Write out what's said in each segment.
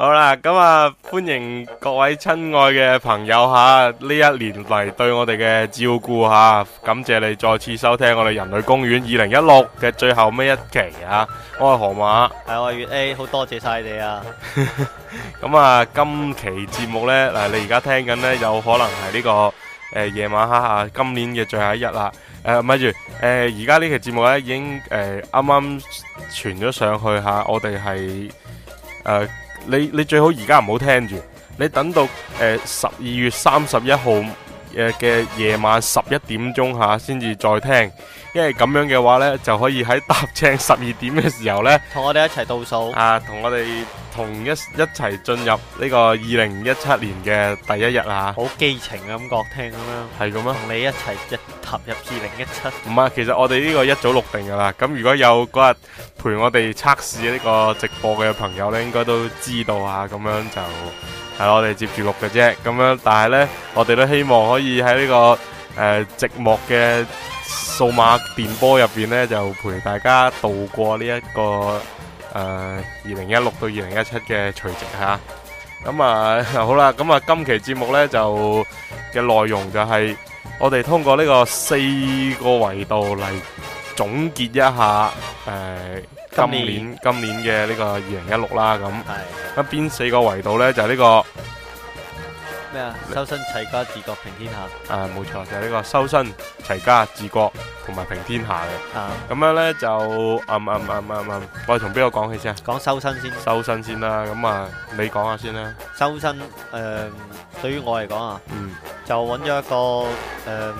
好啦，咁啊，歡迎各位親愛嘅朋友吓，呢、啊、一年嚟對我哋嘅照顧吓、啊，感謝你再次收聽我哋《人類公園》二零一六嘅最後尾一期啊。我係河馬，係我係月 A，好多謝晒你哋啊。咁 啊，今期節目呢，嗱、啊，你而家聽緊呢，有可能係呢、這個誒夜、呃、晚黑吓下、啊、今年嘅最後一日啦。誒、啊，咪住誒，而家呢期節目呢，已經誒啱啱傳咗上去吓、啊，我哋係誒。啊你你最好而家唔好聽住，你等到誒十二月三十一號誒嘅夜晚十一點鐘嚇，先至再聽。因為咁樣嘅話呢，就可以喺搭正十二點嘅時候呢，同我哋一齊倒數，啊，同我哋同一一齊進入呢個二零一七年嘅第一日啊。好基情嘅感覺，聽咁樣，係咁樣，同你一齊一踏入二零一七，唔係啊，其實我哋呢個一早錄定噶啦，咁如果有嗰日陪我哋測試呢個直播嘅朋友呢，應該都知道啊，咁樣就係我哋接住錄嘅啫，咁樣，但係呢，我哋都希望可以喺呢個誒寂寞嘅。數碼電波入邊呢，就陪大家度過呢、這個呃、一個誒二零一六到二零一七嘅除夕吓，咁啊好啦，咁啊今期節目呢，就嘅內容就係、是、我哋通過呢個四個維度嚟總結一下誒、呃、今年今年嘅呢個二零一六啦，咁咁邊四個維度呢？就呢、係呢個。咩啊？修身齊家治國平天下。啊，冇錯就係呢個修身齊家治國同埋平天下嘅。啊，咁樣咧就啊啊啊啊啊！我哋從邊個講起先啊？講修身先。修身先啦，咁啊，你講下先啦。修身誒、嗯，對於我嚟講啊，嗯，就搵咗一個誒、嗯、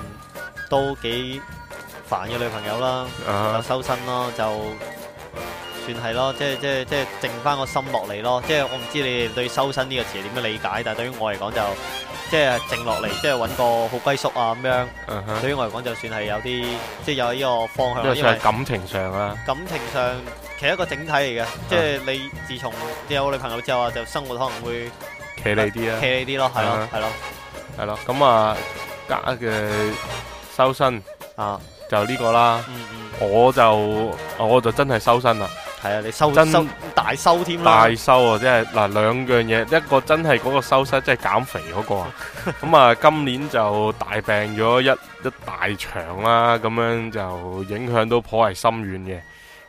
都幾煩嘅女朋友啦、啊，就修身咯，就。算係咯，即係即係即係靜翻個心落嚟咯。即係我唔知你哋對修身呢個詞點樣理解，但係對於我嚟講就即係靜落嚟，即係搵個好歸宿啊咁樣。對於我嚟講，就算係有啲即係有呢個方向，因為感情上啊，感情上其實一個整體嚟嘅。即係你自從你有女朋友之後啊，就生活可能會企理啲啦，企理啲咯，係咯，係咯，係咯。咁啊，家嘅修身啊，就呢個啦。我就我就真係修身啦。係啊，你收大收添啦！大收,大收啊，即係嗱兩樣嘢，一個真係嗰個收身，即係減肥嗰、嗰個啊。咁、 嗯、啊，今年就大病咗一一大場啦、啊，咁樣就影響都頗為深遠嘅。咁、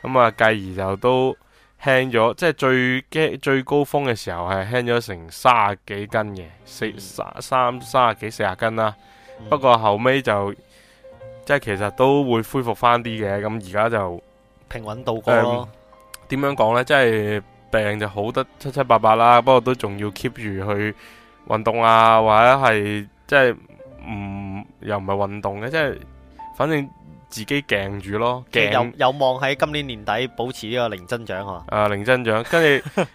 嗯、啊，繼而就都輕咗，即係最驚最高峰嘅時候係輕咗成三十幾斤嘅，四三三三十幾四十斤啦、啊嗯。不過後尾就即係其實都會恢復翻啲嘅，咁而家就平穩度過點樣講呢？即係病就好得七七八八啦，不過都仲要 keep 住去運動啊，或者係即係唔又唔係運動嘅，即係反正自己鏡住咯。有有望喺今年年底保持呢個零增長啊，啊。零增長，跟住誒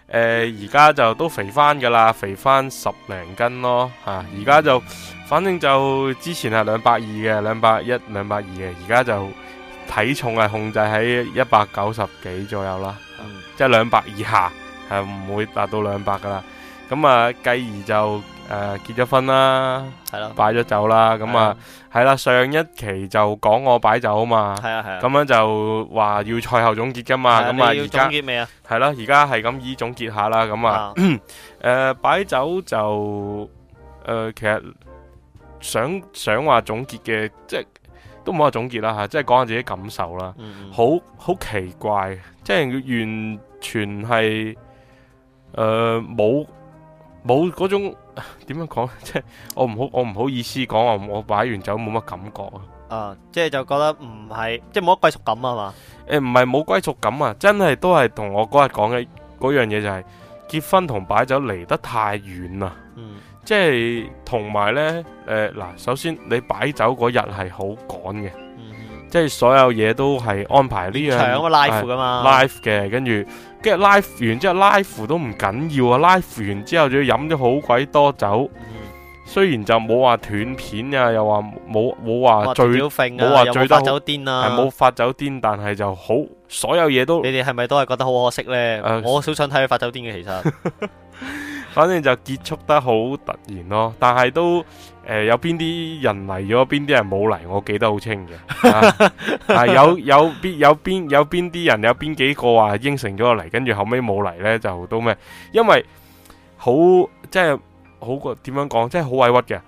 而家就都肥翻噶啦，肥翻十零斤咯吓。而家就反正就之前係兩百二嘅，兩百一兩百二嘅，而家就體重係控制喺一百九十幾左右啦。嗯、即係兩百以下，係唔會達到兩百噶啦。咁啊，繼而就誒結咗婚啦，係，擺咗酒啦。咁啊，係啦，上一期就講我擺酒啊嘛，係啊係啊。咁樣就話要賽後總結噶嘛，咁啊而家係咯，而家係咁以總結下啦。咁啊，誒擺酒就誒、呃、其實想想話總結嘅即係。都冇話總結啦吓，即係講下自己感受啦，好好奇怪，即係完全係誒冇冇嗰種點樣講，即係我唔好我唔好意思講啊，我擺完酒冇乜感覺啊，啊，即係就覺得唔係，即係冇乜歸屬感啊嘛，誒，唔係冇歸屬感啊，真係都係同我嗰日講嘅嗰樣嘢，就係結婚同擺酒離得太遠啦。即係同埋呢誒嗱、呃，首先你擺酒嗰日係好趕嘅，mm-hmm. 即係所有嘢都係安排呢樣，搶個 live 噶、啊、嘛？live 嘅，跟住跟住 live 完之後，live 都唔緊要啊！live 完之後仲要飲咗好鬼多酒，mm-hmm. 雖然就冇話斷片啊，又話冇冇話醉，冇話醉到冇發酒癲啊，冇、呃、發酒癲，但係就好，所有嘢都你哋係咪都係覺得好可惜呢、呃、我都想睇佢發酒癲嘅，其實。 反正就結束得好突然咯，但係都、呃、有邊啲人嚟咗，邊啲人冇嚟，我記得好清嘅、 啊啊。有有，有邊有邊有邊啲人有邊幾個話應承咗我嚟，跟住後尾冇嚟呢，就都咩？因為好即係好過點樣講，即係好委屈嘅。係。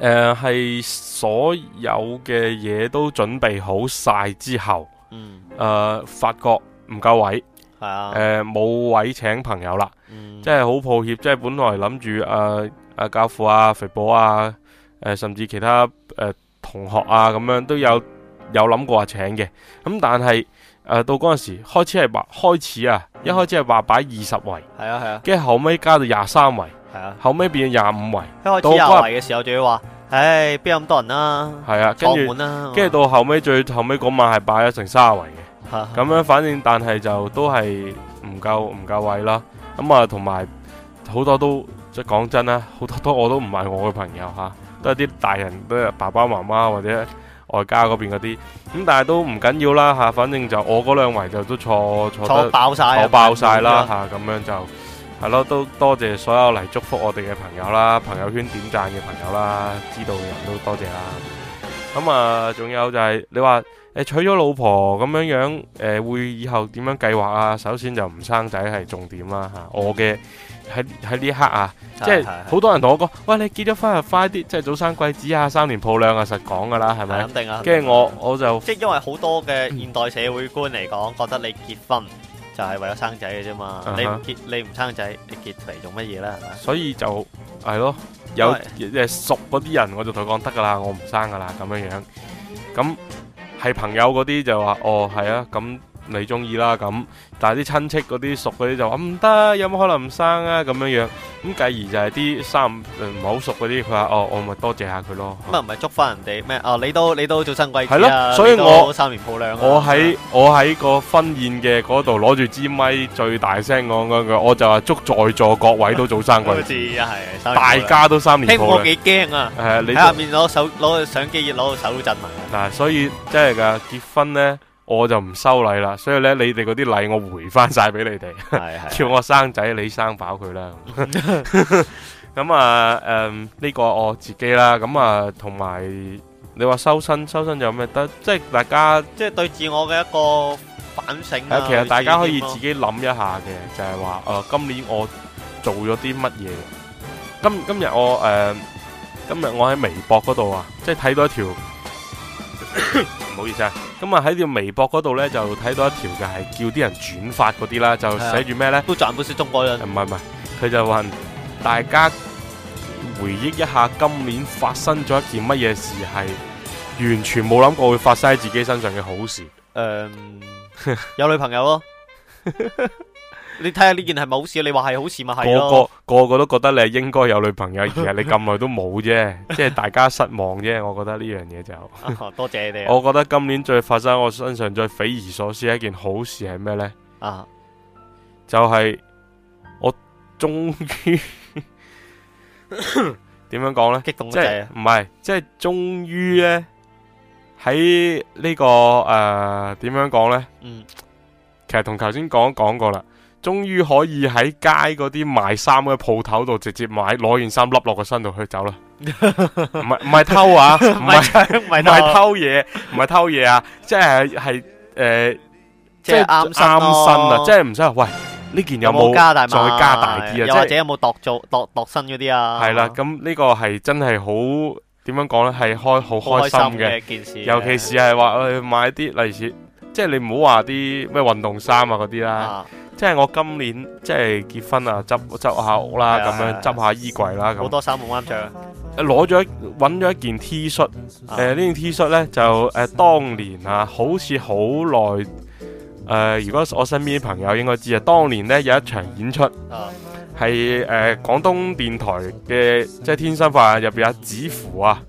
嗯呃、所有嘅嘢都準備好晒之後，嗯呃、發覺唔夠位。係啊，誒、呃、冇位請朋友啦、嗯，即係好抱歉，即係本來諗住阿阿教父啊、肥寶啊、誒、呃、甚至其他誒、呃、同學啊咁樣都有有諗過請嘅，咁、嗯、但係誒、呃、到嗰陣時開始係話開始啊，一開始係話擺二十圍，係啊係啊，跟住，啊、後尾加到廿三圍，係啊，後尾變咗廿五圍。一開始廿嘅時候就要話，唉、哎、邊、哎、有咁多人啦，係啊，跟住跟住到後尾，最後尾嗰晚係擺咗成卅圍。咁樣，反正但係就都係唔夠唔夠位啦。咁啊，同埋好多都即係講真啦，好多都我都唔係我嘅朋友吓，都係啲大人都係爸爸媽媽或者外家嗰邊嗰啲。咁但係都唔緊要啦吓，反正就我嗰兩圍就都坐坐得坐爆晒啦吓，咁樣就係咯，都多謝所有嚟祝福我哋嘅朋友啦，朋友圈點讚嘅朋友啦，知道嘅人都多謝啦。咁、嗯、啊，仲有就係、是、你話誒娶咗老婆咁樣樣誒、呃，會以後點樣計劃啊？首先就唔生仔係重點啦、啊、吓、嗯。我嘅喺喺呢一刻啊，啊即係好多人同我講，喂，你結咗婚就快啲，即係早生貴子啊，三年抱兩啊，實講噶啦，係咪？肯定啊。跟住我我就即係因為好多嘅現代社會觀嚟講、嗯，覺得你結婚。就係為咗生仔嘅啫嘛，你唔結你唔生仔，你結嚟做乜嘢啦？係咪？所以就係咯，有熟嗰啲人，我就同佢講得噶啦，我唔生噶啦咁樣樣。咁係朋友嗰啲就話：哦，係啊，咁。你中意啦咁，但係啲親戚嗰啲熟嗰啲就話唔得，有冇可能唔生啊咁樣樣？咁繼而就係啲三唔好熟嗰啲，佢話哦，我咪多謝下佢咯。咁啊，唔係祝翻人哋咩？哦，你都你都早生貴子啊！所以我三年抱兩。我喺我喺個婚宴嘅嗰度攞住支咪，最大聲講嗰句，我就話祝在座各位都早生貴子啊！係大家都三年抱兩。聽我幾驚啊！喺下面攞手攞相機，攞到手震埋。嗱，所以真係噶結婚呢。我就唔收禮啦，所以咧，你哋嗰啲禮我回翻晒俾你哋，係係，叫我生仔，你生飽佢啦。咁啊，誒，呢個我自己啦，咁啊，同埋你話修身，修身有咩得？即係大家，即係對自我嘅一個反省啊。其實大家可以自己諗一下嘅，就係話，誒，今年我做咗啲乜嘢？今今日我誒，今日我喺微博嗰度啊，即係睇到一條。唔 好意思啊，咁啊喺條微博嗰度呢，就睇到一條就係叫啲人轉發嗰啲啦，就寫住咩呢？「都賺唔少中國人。唔係唔係，佢就話大家回憶一下今年發生咗一件乜嘢事，係完全冇諗過會發生喺自己身上嘅好事。誒、呃，有女朋友咯。 你睇下呢件係咪好事？你話係好事咪係咯？個個個個都覺得你係應該有女朋友，而係你咁耐都冇啫，即係大家失望啫。我覺得呢樣嘢就多謝你。我覺得今年最發生我身上最匪夷所思一件好事係咩呢？啊，就係我終於點樣講呢？激動啊！即係唔係？即係終於咧喺呢個誒點樣講呢？嗯，其實同頭先講講過啦。終於可以喺街嗰啲賣衫嘅鋪頭度直接買，攞完衫笠落個身度去走啦！唔係唔係偷啊！唔係唔係偷嘢，唔係偷嘢啊！即係係誒，即係啱衫身啊！即係唔使話，喂，呢件有冇加大，再加大啲啊！或者有冇度做度度身嗰啲啊？係啦，咁呢個係真係好點樣講咧？係開好開心嘅一件事，尤其是係話去買啲，例如似即係你唔好話啲咩運動衫啊嗰啲啦。即係我今年即係結婚啊，執執下屋啦，咁樣執下衣櫃啦，咁好多衫冇啱着。攞咗揾咗一件 T 恤，誒、啊、呢、呃、件 T 恤咧就誒、呃、當年啊，好似好耐誒，如果我身邊啲朋友應該知啊，當年咧有一場演出，係誒廣東電台嘅即係天生化面》入邊阿子符啊，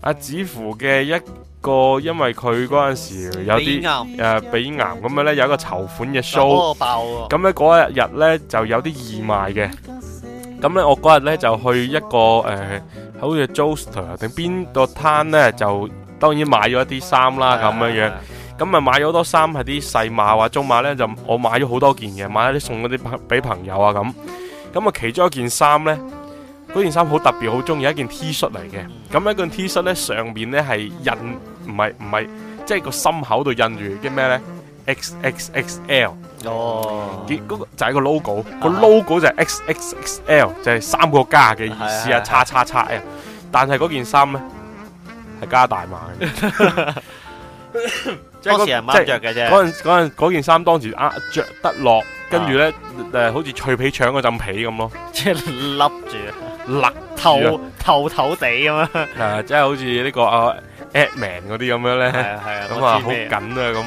阿、啊、子符嘅一。個，因為佢嗰陣時有啲誒鼻癌，咁樣咧有一個籌款嘅 show，咁咧嗰一日咧就有啲義賣嘅，咁咧我嗰日咧就去一個誒，好似 Joestar 定邊個攤咧就當然買咗一啲衫啦咁樣樣，咁啊買咗好多衫係啲細碼或中碼咧就我買咗好多件嘅，買咗一啲送嗰啲朋俾朋友啊咁，咁啊其中一件衫咧，嗰件衫好特別好中意，一件 T 恤嚟嘅，咁一件 T 恤咧上面咧係印。唔係唔係，即係、就是、個心口度印住啲咩咧？X X X L 哦，什麼呢 XXXL, oh. 結嗰個就係個 logo，uh-huh. 那個 logo 就係 X X X L，就係三個加嘅意思啊！叉叉叉 L，但係嗰件衫咧係加大碼嘅、 那個。當時係媽着嘅啫。嗰陣陣件衫，當時啊着得落，跟住咧誒，好似脆皮腸嗰陣皮咁咯，即係笠住，勒透透透地咁啊！即、就、係、是、好似呢、這個啊。at man 嗰啲咁樣咧，咁啊好緊啊，咁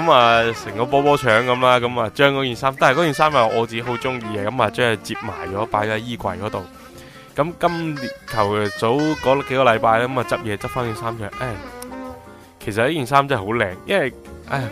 咁啊成個波波腸咁啦，咁啊將嗰件衫，但係嗰件衫又我自己好中意嘅，咁啊將佢折埋咗，擺喺衣櫃嗰度。咁今年頭早嗰幾個禮拜咧，咁啊執嘢執翻件衫出嚟，誒，其實呢件衫真係好靚，因為誒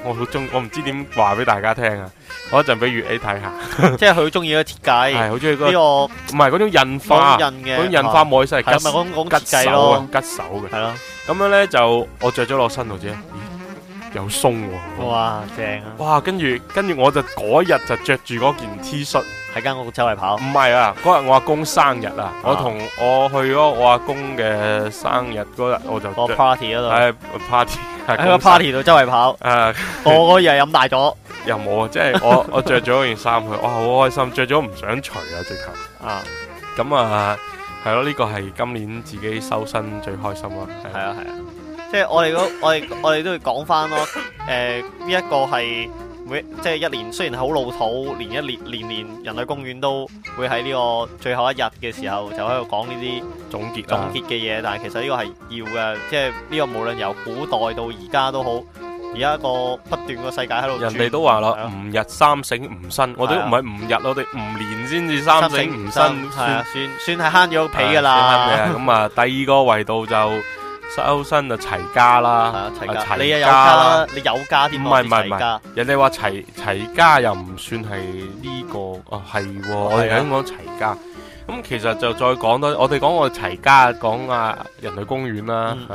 我好中，我唔知點話俾大家聽啊，我一陣俾月 A 睇下，即係佢好中意嗰設計，係好中意嗰呢個唔係嗰種印花，印花嗰種印花外飾係吉手嘅吉手嘅係咯。咁樣咧就我着咗落身度啫，咦，有鬆喎。哇，正啊！哇，跟住跟住我就嗰日就着住嗰件 T 恤喺間屋周圍跑。唔係啊，嗰日我阿公生日啊，我同我去咗我阿公嘅生日嗰、哎、日，我就。個 party 嗰度。係個 party。喺個 party 度周圍跑。誒、啊 就是，我嗰日飲大咗。又冇啊！即係我我着咗件衫去，哇好開心，着咗唔想除啊直頭。啊，咁啊。係咯，呢、這個係今年自己收身最開心咯。係啊係啊，即係我哋都我哋 我哋都會講翻咯。誒、呃，呢、這、一個係每即係一年，雖然好老土，連一年年年人類公園都會喺呢個最後一日嘅時候就喺度講呢啲總結總結嘅嘢，但係其實呢個係要嘅，即係呢個無論由古代到而家都好。而家個不斷個世界喺度，人哋都話啦，吾日三省吾身，我哋唔係吾日，我哋吾年先至三省吾身，係啊，算算係慳咗皮㗎啦。咁啊，第二個維度就修身就齊家啦，齊家，你又有家啦，你有家添。唔係唔係唔係，人哋話齊齊家又唔算係呢個，哦係，我哋想講齊家。咁其實就再講多，我哋講我哋齊家，講啊人類公園啦，嚇。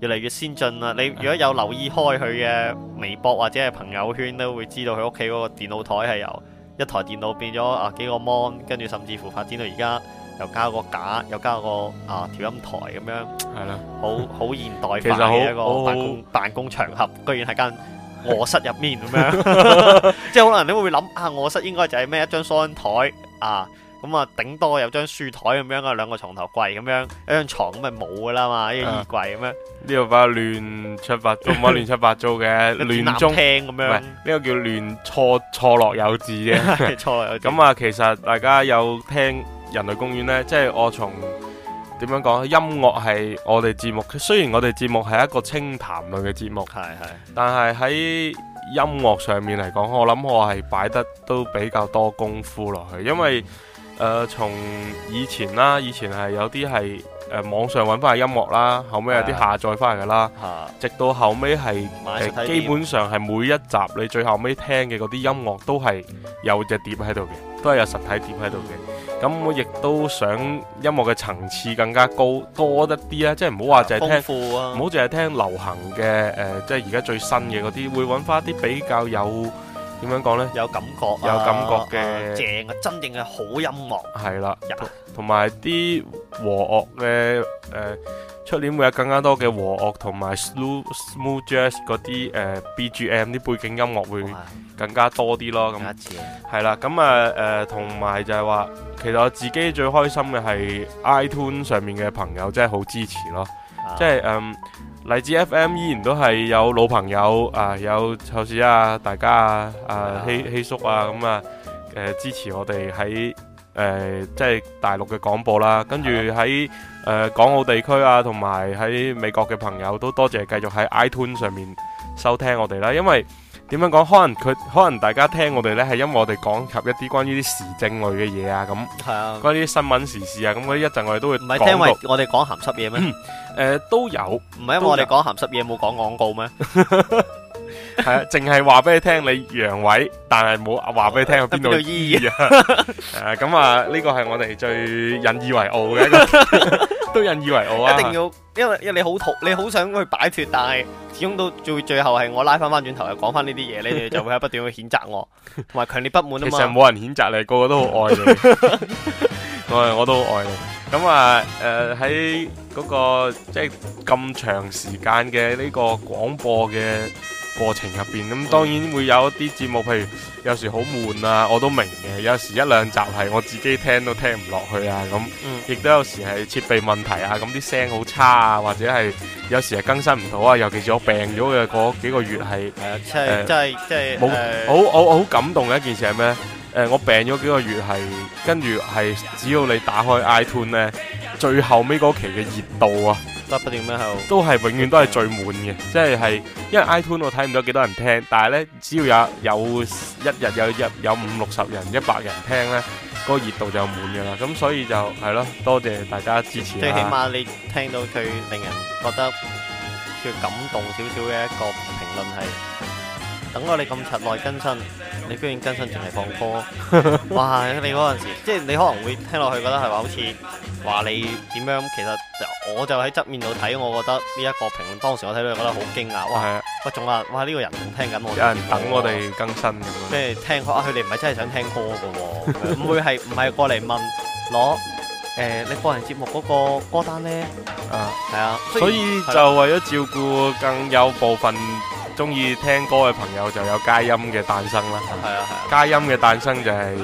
越嚟越先進啦！你如果有留意開佢嘅微博或者係朋友圈都會知道佢屋企嗰個電腦台係由一台電腦變咗啊幾個 mon，跟住甚至乎發展到而家又加個架，又加個啊調音台咁樣，係啦，好好現代化嘅一個辦公辦公場合，居然喺間臥室入面咁樣， 即係可能你會諗啊，臥室應該就係咩一張雙台啊。咁啊，頂多有張書檯咁樣，兩個床頭櫃咁樣，一張床咁咪冇噶啦嘛，一個衣櫃咁樣。呢、啊、個比較亂七八，乜亂七八糟嘅亂 中聽咁樣。唔係呢個叫亂錯錯落有致嘅錯落有致。咁啊，其實大家有聽人類公園呢？即、就、係、是、我從點樣講，音樂係我哋節目。雖然我哋節目係一個清談類嘅節目，係係，但係喺音樂上面嚟講，我諗我係擺得都比較多功夫落去，因為、嗯。誒、呃，從以前啦，以前係有啲係誒網上揾翻嘅音樂啦，後尾有啲下載翻嚟噶啦，直到後尾係基本上係每一集你最後尾聽嘅嗰啲音樂都係有隻碟喺度嘅，都係有實體碟喺度嘅。咁、嗯、我亦都想音樂嘅層次更加高，多一啲啦，即係唔好話淨係聽唔好淨係聽流行嘅誒、呃，即係而家最新嘅嗰啲，會揾翻啲比較有。點樣講呢？有感覺、啊，有感覺嘅、啊啊、正、啊、真正嘅好音樂係啦，同埋啲和樂嘅誒，出、呃、年會有更加多嘅和樂同埋 smooth smooth jazz 嗰啲誒 BGM 啲背景音樂會更加多啲咯咁。係啦，咁啊誒、同埋、呃、就係話，其實我自己最開心嘅係 iTunes 上面嘅朋友，真係好支持咯，即係誒。嗯荔枝 FM 依然都係有老朋友啊，有好似啊大家啊啊、yeah. 希希叔啊咁啊，誒、呃、支持我哋喺誒即係大陸嘅廣播啦，跟住喺誒港澳地區啊，同埋喺美國嘅朋友都多謝繼續喺 iTunes 上面收聽我哋啦，因為。點樣講？可能佢，可能大家聽我哋咧，係因為我哋講及一啲關於啲時政類嘅嘢啊，咁。係啊。關於啲新聞時事啊，咁啲一陣我哋都會。唔係，因為我哋講鹹濕嘢咩？誒、嗯呃，都有。唔係，因為我哋講鹹濕嘢冇講廣告咩？係、嗯呃、 啊，淨係話俾你聽你陽痿，但係冇話俾你聽喺邊度。冇意義啊！、呃、咁啊，呢、 啊嗯啊這個係我哋最引以為傲嘅。 有人以為我啊，一定要，因為因為你好，你好想去擺脫，但係始終到最最後係我拉翻翻轉頭，又講翻呢啲嘢，你哋就會喺不斷去譴責我，同埋強烈不滿啊嘛。其實冇人譴責你，個個都好愛你， 我我都好愛你。咁啊，誒喺嗰個即係咁長時間嘅呢個廣播嘅。過程入邊咁，當然會有一啲節目，譬如有時好悶啊，我都明嘅。有時一兩集係我自己聽都聽唔落去啊，咁亦都有時係設備問題啊，咁啲聲好差啊，或者係有時係更新唔到啊。尤其是我病咗嘅嗰幾個月係誒，即係即係冇我我好感動嘅一件事係咩咧？誒，我病咗幾個月係跟住係，只要你打開 iTune 咧，最後尾嗰期嘅熱度啊！都係永遠都係最滿嘅，即係係因為 iTune 我睇唔到幾多人聽，但係呢，只要有有一日有一日，有五六十人，一百人聽呢，嗰個熱度就滿嘅啦。咁所以就係咯，多謝大家支持。最起碼你聽到最令人覺得最感動少少嘅一個評論係，等我哋咁柒耐更新，你居然更新仲係放歌， 哇！你嗰陣時即係你可能會聽落去覺得係咪好似？話你點樣？其實我就喺側面度睇，我覺得呢一個評論，當時我睇到覺得好驚訝。哇，係啊，仲話！哇，呢個人仲聽緊我。有人等我哋更新咁。即係聽啊！佢哋唔係真係想聽歌噶，唔會係唔係過嚟問攞誒？你個人節目嗰個歌單咧？啊，係啊。所以就為咗照顧更有部分中意聽歌嘅朋友，就有佳音嘅誕生啦。係啊係啊。佳音嘅誕生就係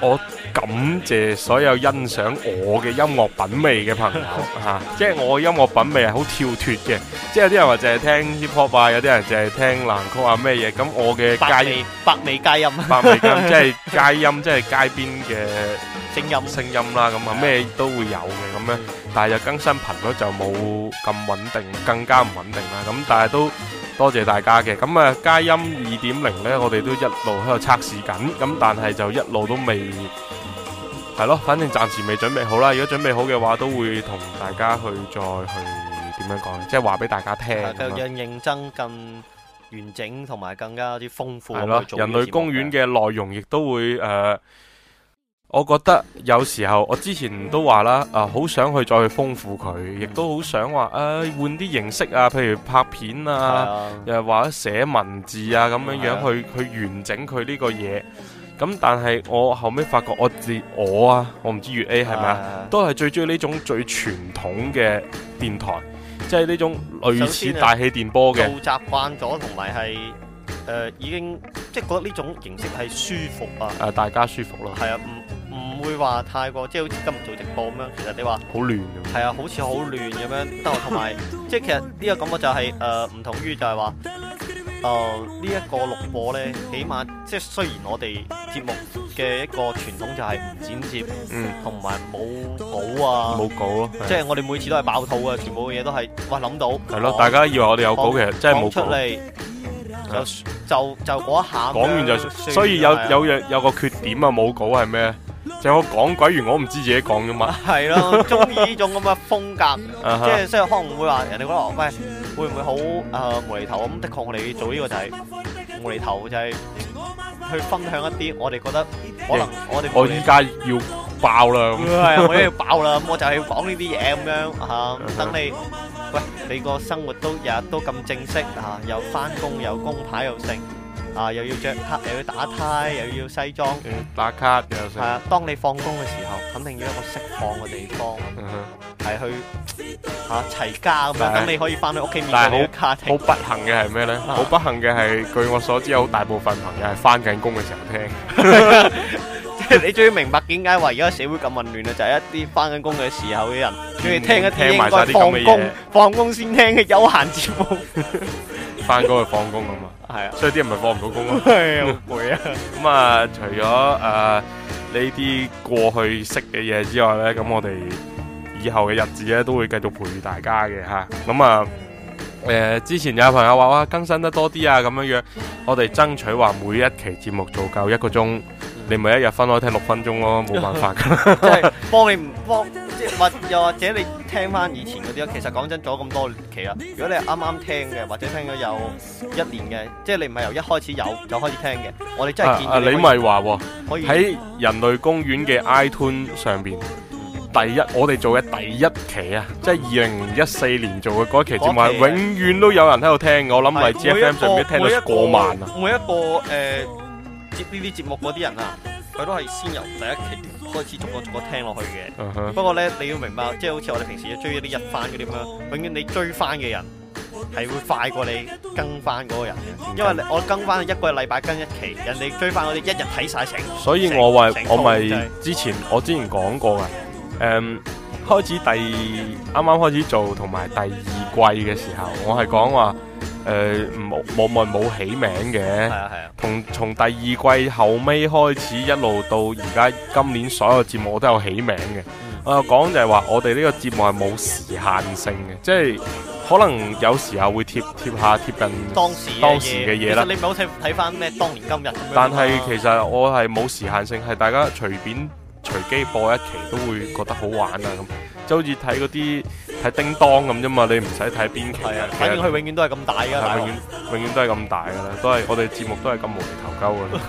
我。感謝所有欣賞我嘅音樂品味嘅朋友嚇，即係我嘅音樂品味係好跳脱嘅，即係有啲人話淨係聽 hip hop 啊，有啲人淨係聽爛曲啊咩嘢，咁我嘅百味百味皆音，百味皆音即係街音，即係街邊嘅聲音聲音啦，咁啊咩都會有嘅咁樣，但係就更新頻率就冇咁穩定，更加唔穩定啦。咁但係都多謝大家嘅，咁啊街音二點零呢，我哋都一路喺度測試緊，咁但係就一路都未。係咯，反正暫時未準備好啦。如果準備好嘅話，都會同大家去再去點樣講，即係話俾大家聽。更認真、更完整同埋更加之豐富。係咯，人類公園嘅內容亦都會誒、呃，我覺得有時候我之前都話啦，啊、呃，好想去再去豐富佢，亦、嗯、都好想話啊，換、呃、啲形式啊，譬如拍片啊，嗯、又或者寫文字啊，咁、嗯、樣樣去、嗯、去完整佢呢個嘢。咁、嗯、但係我後尾發覺我自我啊，我唔知粵 A 係咪啊，都係最中意呢種最傳統嘅電台，即係呢種類似大氣電波嘅、啊。做習慣咗同埋係誒，已經即係覺得呢種形式係舒服啊。誒、啊，大家舒服咯。係啊，唔唔、啊、會話太過，即係好似今日做直播咁樣。其實你話好亂㗎、啊。係啊，好似好亂咁樣。但係同埋 即係其實呢個感覺就係、是、誒，唔、呃、同於就係話。誒，呢一個錄播咧，起碼即係雖然我哋節目嘅一個傳統就係唔剪接，嗯，同埋冇稿啊，冇稿咯，即係我哋每次都係爆肚啊，全部嘢都係我諗到，係咯，大家以為我哋有稿，其實真係冇出嚟，就就就嗰一下，講完就，所以有有嘢有個缺點啊，冇稿係咩？就係我講鬼完，我唔知自己講咗乜，係咯，中意呢種咁嘅風格，即係即係可能會話人哋覺得喂。會唔會好誒無厘頭？咁、嗯、的確，我哋做呢個就係無厘頭，就係、是、去分享一啲我哋覺得可能我哋、欸、我依家要爆啦， 我依家要爆啦，咁我就要講呢啲嘢咁樣嚇，嗯、 等你喂你個生活都日日都咁正式嚇，啊，又翻工又工牌又剩。啊！又要着卡，又要打呔，又要西裝、嗯，打卡又係啊！當你放工嘅時候，肯定要有一個釋放嘅地方，係、嗯、去吓齊、啊、家咁樣。等你可以翻去屋企。面係好卡廳。好不幸嘅係咩咧？好不幸嘅係，據我所知，有大部分朋友係翻緊工嘅時候聽。即 係 你最要明白點解話而家社會咁混亂啊？就係、是、一啲翻緊工嘅時候嘅人，中、嗯、意聽一聽，聽應該放工，放工先聽嘅休閒節目。翻工就放工啊嘛！ 係啊，所以啲人咪放唔到工咯，係好攰啊。咁、 嗯、啊，除咗誒呢啲過去式嘅嘢之外呢，咁、嗯、我哋以後嘅日子呢，都會繼續陪大家嘅吓，咁、嗯、啊誒、呃，之前有朋友話哇，更新得多啲啊，咁樣樣，我哋爭取話每一期節目做夠一個鐘。你咪一日分開聽六分鐘咯，冇辦法噶。即係幫你唔幫，即係或又或者你聽翻以前嗰啲咯。其實講真，做咗咁多期啦，如果你係啱啱聽嘅，或者聽咗有一年嘅，即係你唔係由一開始有就開始聽嘅，我哋真係見到，你。啊，你咪話喎？喺人類公園嘅 iTunes 上面，第一我哋做嘅第一期啊，即係二零一四年做嘅嗰一期節目，永遠都有人喺度聽。我諗係 GFM 上面聽到過萬啊。每一個誒接呢啲節目嗰啲人啊，佢都係先由第一期開始逐個逐個聽落去嘅。不過咧，你要明白，即係好似我哋平時要追啲一翻嗰啲咁樣，永遠你追翻嘅人係會快過你跟翻嗰個人嘅，因為我跟翻一個禮拜跟一期，人哋追翻我哋一日睇曬成。所以我話我咪之前，我之前講過啊，誒開始第啱啱開始做同埋第二季嘅時候，我係講話。誒、呃，冇冇冇起名嘅，係啊係啊，同從、啊、第二季後尾開始一路到而家今年所有節目我都有起名嘅。嗯，我又講就係話我哋呢個節目係冇時限性嘅，即係可能有時候會貼貼下貼近當時當時嘅嘢啦，你唔好睇睇翻咩當年今日。但係其實我係冇時限性，係、啊、大家隨便隨機播一期都會覺得好玩啊，咁就好似睇嗰啲。係叮當咁啫嘛，你唔使睇邊期。反正佢永遠都係咁大噶，永遠是這麼的是、啊、永遠都係咁大噶啦，都係我哋節目都係咁無厘頭鳩噶啦。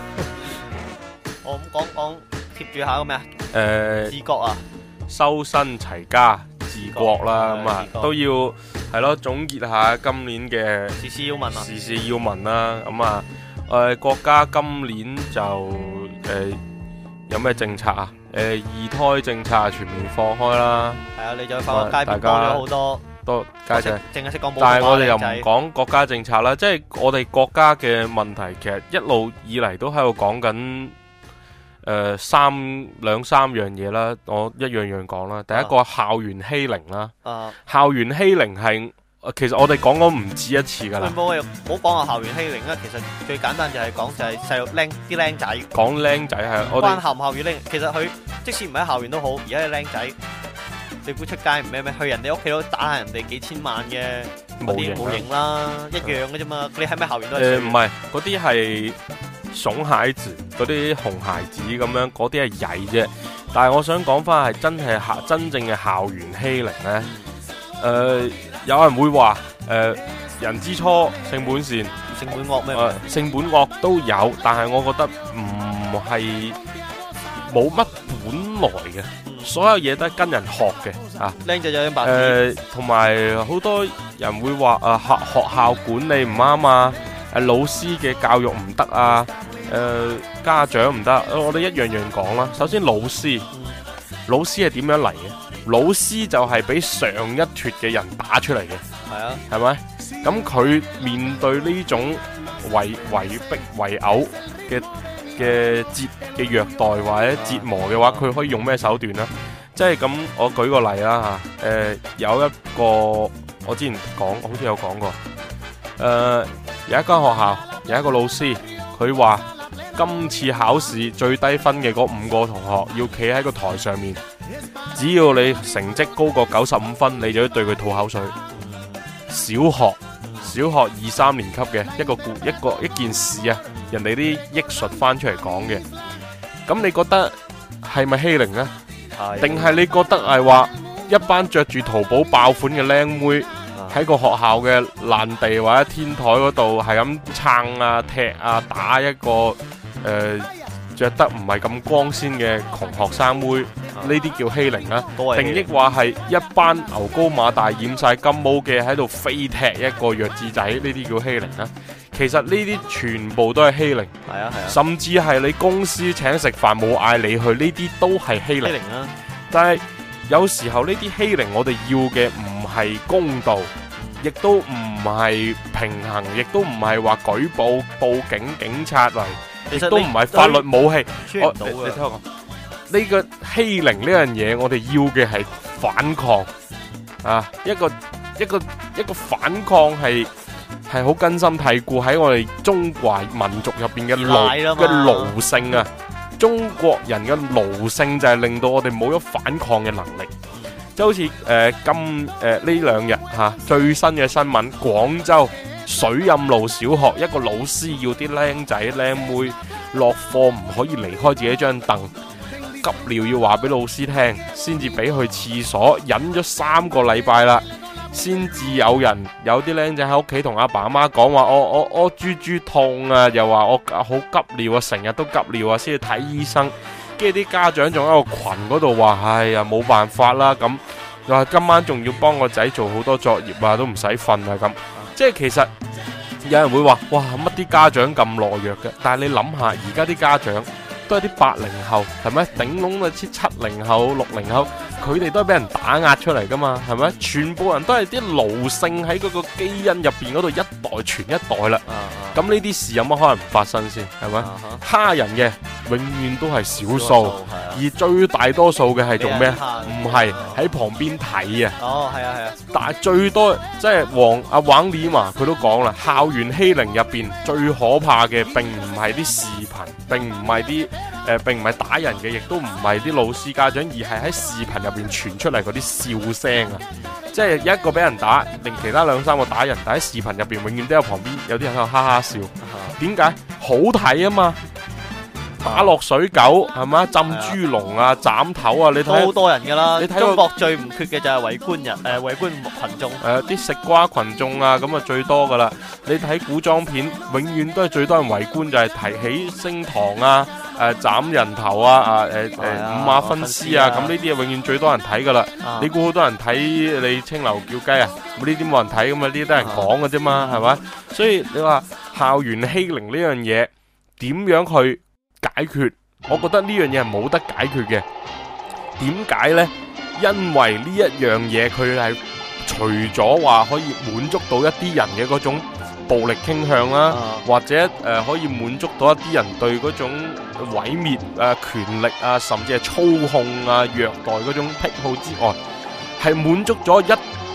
我咁講講貼住下個咩啊？誒、治、呃、國啊，修身齊家治國啦，咁啊都要係咯，總結下今年嘅時事要聞啊，時事要聞啦，咁啊，誒、呃，國家今年就誒、呃、有咩政策啊？誒、呃，二胎政策全面放開啦，係啊，你再放，大家講咗好多，多介紹。但係我哋又唔講國家政策啦，就是、即係我哋國家嘅問題，其實一路以嚟都喺度講緊，誒、呃，三兩三樣嘢啦，我一樣樣講啦。第一個校園欺凌啦，啊、校園欺凌係。誒，其實我哋講咗唔止一次噶啦，冇嘅，唔好講下校園欺凌啦。其實最簡單就係講，就係細路靚啲靚仔，講靚仔係我哋關校校園僆。其實佢即使唔係喺校園都好，而家靚仔，你估出街唔咩咩？去人哋屋企都打下人哋幾千萬嘅，冇型冇型啦，一樣嘅啫嘛。你喺咩校園都誒唔係嗰啲係慫孩子，嗰啲熊孩子咁樣，嗰啲係曳啫。但係我想講翻係真係校真正嘅校園欺凌咧，誒。有人會話，誒，人之初性本善，性本惡咩？性本惡都有，但係我覺得唔係冇乜本來嘅，所有嘢都係跟人學嘅啊。靚仔有樣辦？誒，同埋好多人會話，誒，學學校管理唔啱啊，誒，老師嘅教育唔得啊，誒，家長唔得，我哋一樣樣講啦。首先老師，老師係點樣嚟嘅？老師就係俾上一脫嘅人打出嚟嘅，係啊，係咪？咁佢面對呢種圍圍逼圍毆嘅嘅折嘅虐待或者折磨嘅話，佢可以用咩手段呢？即係咁，就是，我舉個例啦吓，誒、呃，有一個我之前講，好似有講過，誒、呃，有一間學校有一個老師，佢話今次考試最低分嘅嗰五個同學要企喺個檯上面。只要你成績高過九十五分，你就要對佢吐口水。小學，小學二三年級嘅一個故，一個，一，個一件事啊，人哋啲憶述翻出嚟講嘅。咁你覺得係咪欺凌呢？定、哎、係你覺得係話一班着住淘寶爆款嘅靚妹喺個學校嘅爛地或者天台嗰度係咁撐啊踢啊打一個誒、呃、着得唔係咁光鮮嘅窮學生妹？呢啲叫欺凌啊，凌定益話係一班牛高馬大染晒金毛嘅喺度飛踢一個弱智仔，呢啲叫欺凌啊，其實呢啲全部都係欺凌，係啊係啊、甚至係你公司請食飯冇嗌你去，呢啲都係欺凌。欺凌、啊、但係有時候呢啲欺凌，我哋要嘅唔係公道，亦都唔係平衡，亦都唔係話舉報、報警、警察嚟，亦都唔係法律武器。啊，你，你聽我講。呢個欺凌呢樣嘢，我哋要嘅係反抗啊！一個一個一個反抗係係好根深蒂固喺我哋中華民族入邊嘅奴嘅奴性啊！中國人嘅奴性就係令到我哋冇咗反抗嘅能力，即係好似誒今誒呢兩日吓最新嘅新聞，廣州水蔭路小學一個老師要啲靚仔靚妹落課唔可以離開自己張凳。急尿要話俾老師聽，先至俾佢去廁所，忍咗三個禮拜啦，先至有人有啲靚仔喺屋企同阿爸阿媽講話，我我我豬豬痛啊，又話我好急尿啊，成日都急尿啊，先至睇醫生，跟住啲家長仲喺個群嗰度話，哎呀冇辦法啦，咁又話今晚仲要幫個仔做好多作業啊，都唔使瞓啊，咁即係其實有人會話，哇乜啲家長咁懦弱嘅，但係你諗下而家啲家長。都係啲八零後，係咪？頂籠都似七零後、六零後，佢哋都係俾人打壓出嚟噶嘛，係咪？全部人都係啲奴性喺嗰個基因入邊嗰度一代傳一代啦。咁呢啲事有乜可能唔發生先？係咪？蝦、uh-huh. 人嘅永遠都係少數，而最大多數嘅係做咩？唔係喺旁邊睇、oh, 啊。哦，係啊，係啊。但係最多即係黃阿黃點話，佢都講啦，校園欺凌入邊最可怕嘅，並唔係啲視頻，並唔係啲。誒、呃，並唔係打人嘅，亦都唔係啲老師家長，而係喺視頻入邊傳出嚟嗰啲笑聲啊！即係一個俾人打，令其他兩三個打人，但喺視頻入邊永遠都在旁邊有旁邊有啲人喺度哈哈笑，點解？好睇啊嘛！打落水狗係嘛，浸豬籠啊，斬、啊、頭啊，你睇好多人噶啦。你睇！中國最唔缺嘅就係圍觀人，誒圍觀群眾，誒、呃、啲食瓜群眾啊，咁啊最多噶啦。你睇古裝片，永遠都係最多人圍觀就係、是、提起升堂啊，誒、呃、斬人頭啊，呃、啊誒誒五馬分屍啊，咁呢啲永遠最多人睇噶啦。你估好多人睇你青樓叫雞啊？呢啲冇人睇㗎嘛，呢啲都係人講噶啫嘛，係咪、啊啊？所以你話校園欺凌呢樣嘢點樣去解決，我覺得呢樣嘢係冇得解決嘅。點解呢？因為呢一樣嘢佢係除咗話可以滿足到一啲人嘅嗰種暴力傾向啦，或者誒、呃、可以滿足到一啲人對嗰種毀滅啊、權力啊，甚至係操控啊、虐待嗰種癖好之外，係滿足咗一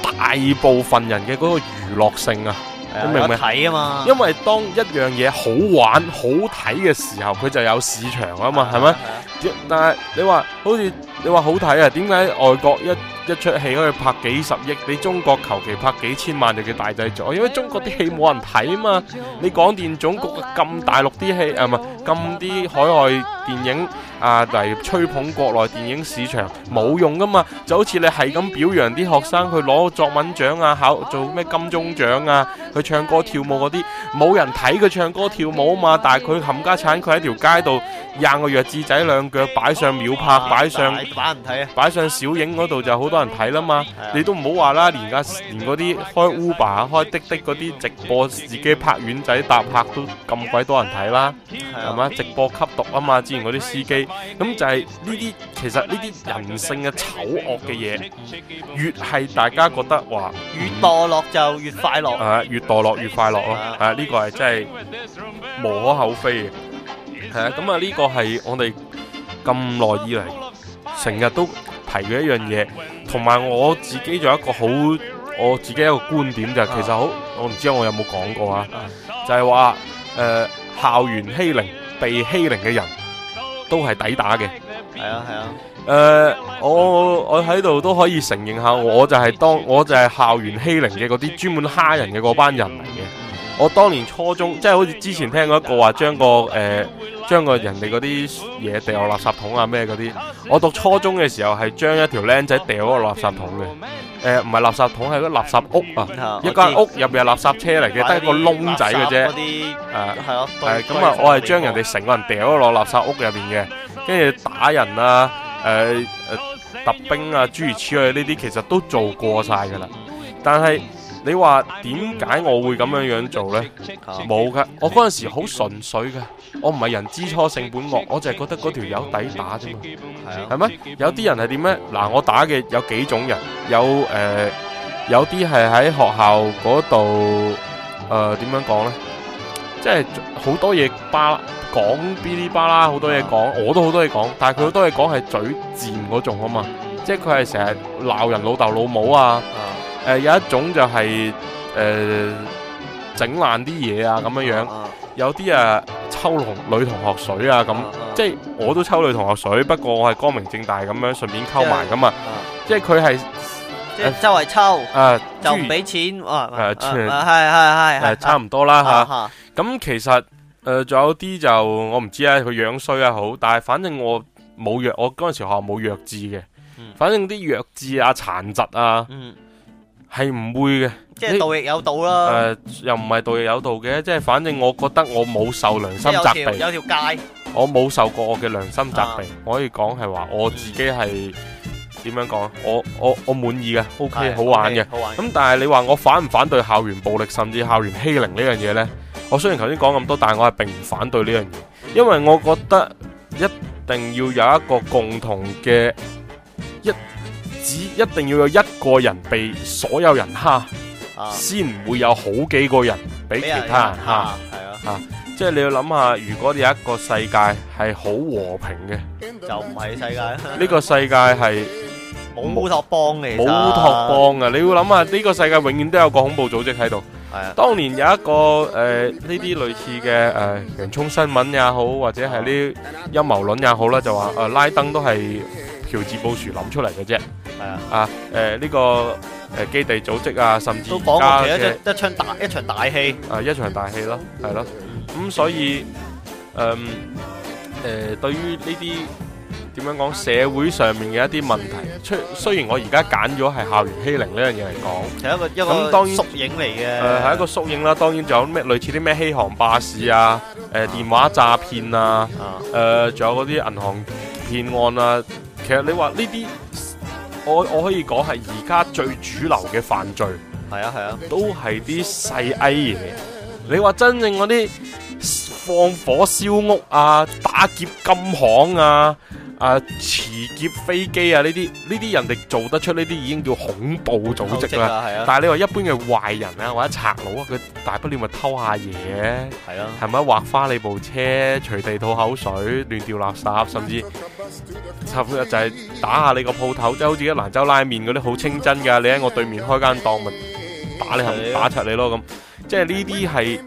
大部分人嘅嗰個娛樂性啊。你明唔明？睇啊嘛，因為當一樣嘢好玩好睇嘅時候，佢就有市場啊嘛，係咪啊？啊、啊。但係你話好似你話好睇啊，點解外國一？一出戲可以拍幾十億，你中國求其拍幾千萬就叫大製作，因為中國啲戲冇人睇啊嘛。你廣電總局咁大陸啲戲，啊唔係咁啲海外電影啊嚟吹捧國內電影市場冇用噶嘛，就好似你係咁表揚啲學生去攞作文獎啊，考做咩金鐘獎啊，去唱歌跳舞嗰啲，冇人睇佢唱歌跳舞啊嘛。但係佢冚家鏟，佢喺條街度廿個弱智仔兩腳擺上秒拍，擺上擺唔睇啊，擺上小影嗰度就好。多人睇啦嘛，yeah. 你都唔好話啦，連家連嗰啲開 Uber、開滴滴嗰啲直播，自己拍丸仔搭客都咁鬼多人睇啦，係、yeah. 嘛？直播吸毒啊嘛，之前嗰啲司機，咁就係呢啲其實呢啲人性嘅醜惡嘅嘢，越係大家覺得話越墮落就越快樂、嗯，啊，越墮落越快樂咯，yeah. 啊，呢、這個係真係無可厚非嘅。係啊，咁啊呢個係我哋咁耐以嚟成日都提嘅一樣嘢。同埋我自己仲有一個好，我自己一個觀點就係，其實好，我唔知我有冇講過啊，就係、是、話，誒、呃，校園欺凌，被欺凌嘅人，都係抵打嘅。係啊係啊。誒、啊呃，我我喺度都可以承認下，我就係當，我就係校園欺凌嘅嗰啲專門蝦人嘅嗰班人嚟嘅。我當年初中，即係好似之前聽過一個話，將個誒，將、呃、個人哋嗰啲嘢掉落垃圾桶啊咩嗰啲。我讀初中嘅時候係將一條僆仔掉落垃圾桶嘅，誒唔係垃圾桶，係個垃圾屋啊，一間屋入邊係垃圾車嚟嘅，得一個窿仔嘅啫，誒係咯，咁啊對對對、呃、我係將人哋成個人掉落垃圾屋入邊嘅，跟住打人啊，誒誒揼冰啊，諸如此類呢啲，其實都做過晒噶啦，但係。你話點解我會咁樣樣做呢？冇噶，我嗰陣時好純粹噶，我唔係人之初性本惡，我就係覺得嗰條友抵打啫嘛，係咩、啊？有啲人係點呢？嗱，我打嘅有幾種人，有誒、呃，有啲係喺學校嗰度，誒、呃，點樣講呢？即係好多嘢巴講，嗶哩巴啦，好多嘢講，我都好多嘢講，但係佢好多嘢講係嘴賤嗰種啊嘛，即係佢係成日鬧人老豆老母啊。啊誒、呃，有一種就係誒整爛啲嘢啊，咁樣樣，有啲啊，抽同女同學水啊，咁、啊、即係我都抽女同學水，不過我係光明正大咁樣順便溝埋噶嘛，即係佢係即係周圍抽、呃、啊，就唔俾錢，係係係係差唔多啦吓。咁、啊啊啊啊、其實誒仲、呃、有啲就我唔知啊，佢樣衰啊好，但係反正我冇藥我嗰陣時學校冇弱智嘅、嗯，反正啲弱智啊殘疾啊。嗯係唔會嘅，即係道亦有道啦。誒，又唔係道亦有道嘅，即係反正我覺得我冇受良心責備。有條有條街，我冇受過我嘅良心責備，我可以講係話我自己係點樣講啊？我我我滿意嘅，OK，好玩嘅，好玩。咁但係你話我反唔反對校園暴力甚至校園欺凌呢樣嘢呢？我雖然頭先講咁多，但係我係並唔反對呢樣嘢，因為我覺得一定要有一個共同嘅。只一定要有一個人被所有人蝦，先、啊、唔會有好幾個人俾其他人蝦。係啊，嚇、啊啊啊！即係你要諗下、啊，如果你有一個世界係好和平嘅，就唔係世界。呢、這個世界係烏 托邦嘅、啊，烏托邦啊！你要諗下，呢、這個世界永遠都有個恐怖組織喺度。係啊，啊，當年有一個誒呢啲類似嘅誒、呃、洋蔥新聞也好，或者係呢啲陰謀論也好啦，就話誒、呃、拉登都係。喬治布殊諗出嚟嘅啫，係啊，啊，誒，呢個誒基地組織啊，甚至都講過一場一場大一場大戲，誒，一場大戲咯，係咯，咁所以，誒，誒，對於呢啲點樣講社會上面嘅一啲問題，出雖然我而家揀咗係校園欺凌呢樣嘢嚟講，係一個一個當然縮影嚟嘅，誒，係一個縮影啦。當然仲有咩類似啲咩欺行霸市啊，誒，電話詐騙啊，誒，仲有嗰啲銀行騙案啊。其實你話呢啲，我我可以講係而家最主流嘅犯罪，係啊係啊，都係啲細蟻嘢。你話真正嗰啲放火燒屋啊，打劫金行啊。啊！騎劫飛機啊！呢啲呢啲人哋做得出呢啲已經叫恐怖組織啦、嗯嗯嗯嗯嗯。但係你話一般嘅壞人啊，或者賊佬啊，佢大不了咪偷下嘢，係、嗯、咪、嗯嗯嗯、畫花你部車，隨地吐口水，亂掉垃圾，甚至就係、是、打下你個鋪頭，即係好似一蘭州拉麵嗰啲好清真㗎，嗯就是、一你喺我對面開間檔咪打下你，嗯就是、打拆你咯咁。即係呢啲係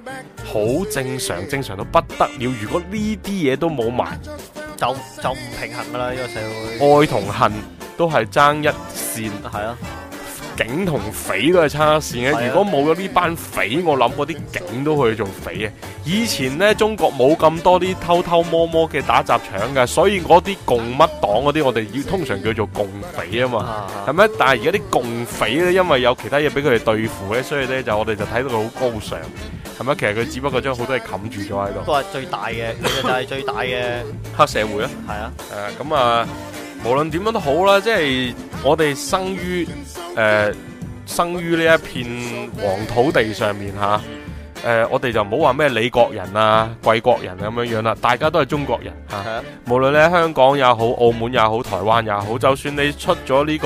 好正常，嗯、正常到不得了。如果呢啲嘢都冇埋，就就唔平衡噶啦，呢個社會。愛同恨都係爭一線，係啊。警同匪都係差線嘅、啊。如果冇咗呢班匪，我諗嗰啲警都可以做匪啊！以前咧，中國冇咁多啲偷偷摸摸嘅打砸搶嘅，所以嗰啲共乜黨嗰啲，我哋要通常叫做共匪啊嘛，係、啊、咪？但係而家啲共匪咧，因為有其他嘢俾佢哋對付咧，所以咧就我哋就睇到佢好高尚，係咪？其實佢只不過將好多嘢冚住咗喺度。都係最大嘅，其實就係最大嘅 黑社會啊！係、呃、啊，誒咁啊，無論點樣都好啦，即係我哋生於……誒、呃，生於呢一片黃土地上面吓，誒、呃，我哋就唔好話咩李國人啊、貴國人咁樣樣啦，大家都係中國人吓、啊啊，無論你香港也好、澳門也好、台灣也好，就算你出咗呢、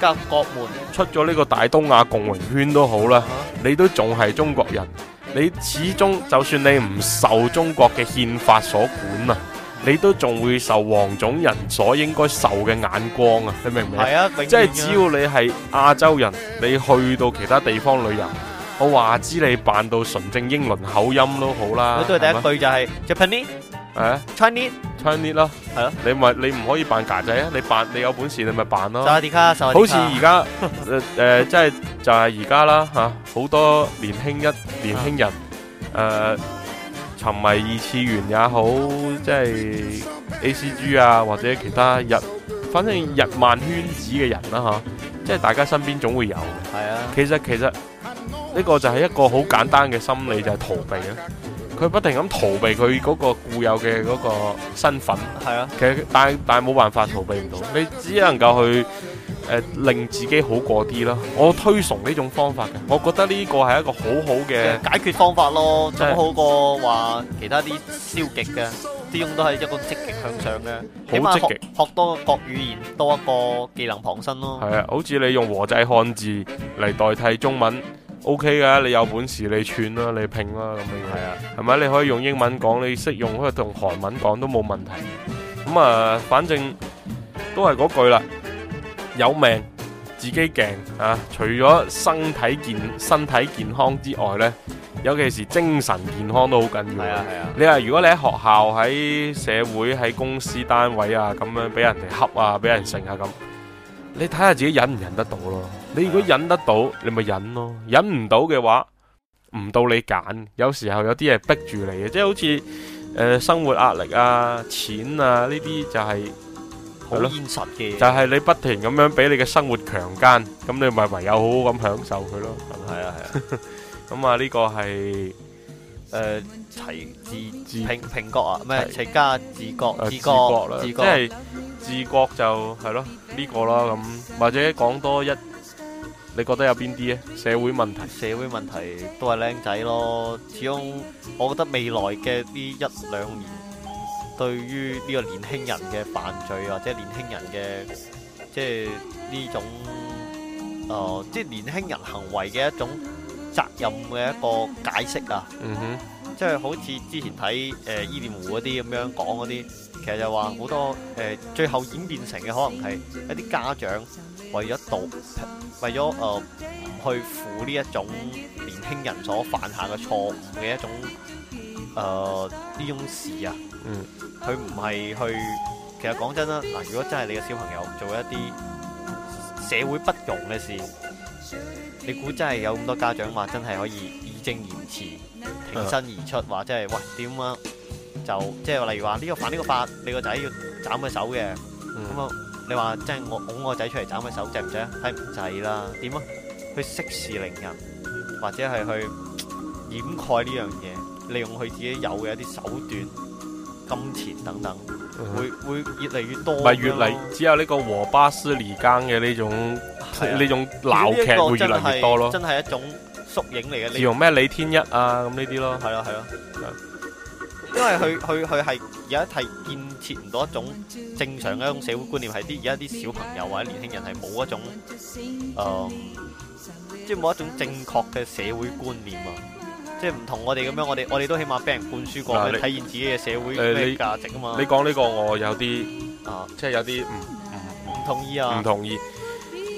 這個國門，出咗呢個大東亞共榮圈都好啦、啊，你都仲係中國人，你始終就算你唔受中國嘅憲法所管啊。你都仲會受黃種人所應該受嘅眼光啊！你明唔明啊，啊？即係只要你係亞洲人，你去到其他地方旅遊，我話知你扮到純正英倫口音都好啦。都係第一句就係、是、Japanese，啊，Chinese，Chinese 咯，係啊，你咪你唔可以扮齋仔啊！你扮你有本事你咪扮咯。好似而家誒，即係就係而家啦吓，好多年輕一年輕人誒。啊呃沉迷二次元也好，即係 ACG 啊，或者其他日，反正日漫圈子嘅人啦，吓，即係大家身邊總會有嘅。係啊，其實其實呢個就係一個好簡單嘅心理，就係逃避啊。佢不停咁逃避佢嗰個固有嘅嗰個身份。係啊，其實但係但係冇辦法逃避唔到，你只能夠去。誒、呃，令自己好過啲咯，我推崇呢種方法嘅，我覺得呢個係一個好好嘅解決方法咯，就是、仲好過話其他啲消極嘅，呢種都係一個積極向上嘅，起碼學學，學多國語言，多一個技能傍身咯。係啊，好似你用和製漢字嚟代替中文，OK 㗎，你有本事你串啦、啊，你拼啦咁樣。係啊，係咪、就是啊、你可以用英文講，你識用可以同韓文講都冇問題。咁啊、呃，反正都係嗰句啦。有命自己勁啊！除咗身體健、身體健康之外呢，尤其是精神健康都好緊要。係啊係啊！你話如果你喺學校、喺社會、喺公司單位啊，咁樣俾人哋恰啊，俾人整啊咁，你睇下自己忍唔忍得到咯？你如果忍得到，你咪忍咯；忍唔到嘅話，唔到你揀。有時候有啲係逼住你嘅，即係好似、呃、生活壓力啊、錢啊呢啲就係、是。係咯，就係你不停咁樣俾你嘅生活強姦，咁你咪唯有好好咁享受佢咯。係啊係啊，咁啊呢個係誒齊治治平平國啊，唔係齊家治國治國啦，即係治國就係咯呢個啦。咁或者講多一，你覺得有邊啲咧？社會問題，社會問題都係靚仔咯。始終我覺得未來嘅呢一兩年。對於呢個年輕人嘅犯罪，或者年輕人嘅即係呢種誒，即係、呃、年輕人行為嘅一種責任嘅一個解釋啊！嗯哼，即、就、係、是、好似之前睇誒、呃、伊甸湖嗰啲咁樣講嗰啲，其實就話好多誒、呃，最後演變成嘅可能係一啲家長為咗賭，為咗誒唔去負呢一種年輕人所犯下嘅錯誤嘅一種誒呢、呃、種事啊！嗯，佢唔係去，其實講真啦嗱，如果真係你嘅小朋友做一啲社會不容嘅事，你估真係有咁多家長話真係可以義正言辭挺身而出，話真係喂點啊？就即係例如話呢個犯呢個法，你個仔要斬佢手嘅，咁、嗯、啊你話真係我拱我仔出嚟斬佢手，制唔制啊？係唔制啦？點啊？去息事寧人，或者係去掩蓋呢樣嘢，利用佢自己有嘅一啲手段。金錢等等，嗯、會會越嚟越多。咪越嚟，只有呢個和巴斯尼間嘅呢種呢、啊、種鬧劇會越嚟越，越，越多咯，真係一種縮影嚟嘅。用咩李天一啊咁呢啲咯，係咯係咯。因為佢佢佢係而家係建設唔到一種正常嘅一種社會觀念，係啲而家啲小朋友或者年輕人係冇一種，嗯，即係冇一種正確嘅社會觀念啊。即係唔同我哋咁樣，我哋我哋都起碼俾人灌輸過，去體現自己嘅社會嘅價值啊嘛。你講呢個我有啲啊，即係有啲唔唔同意啊。唔同意。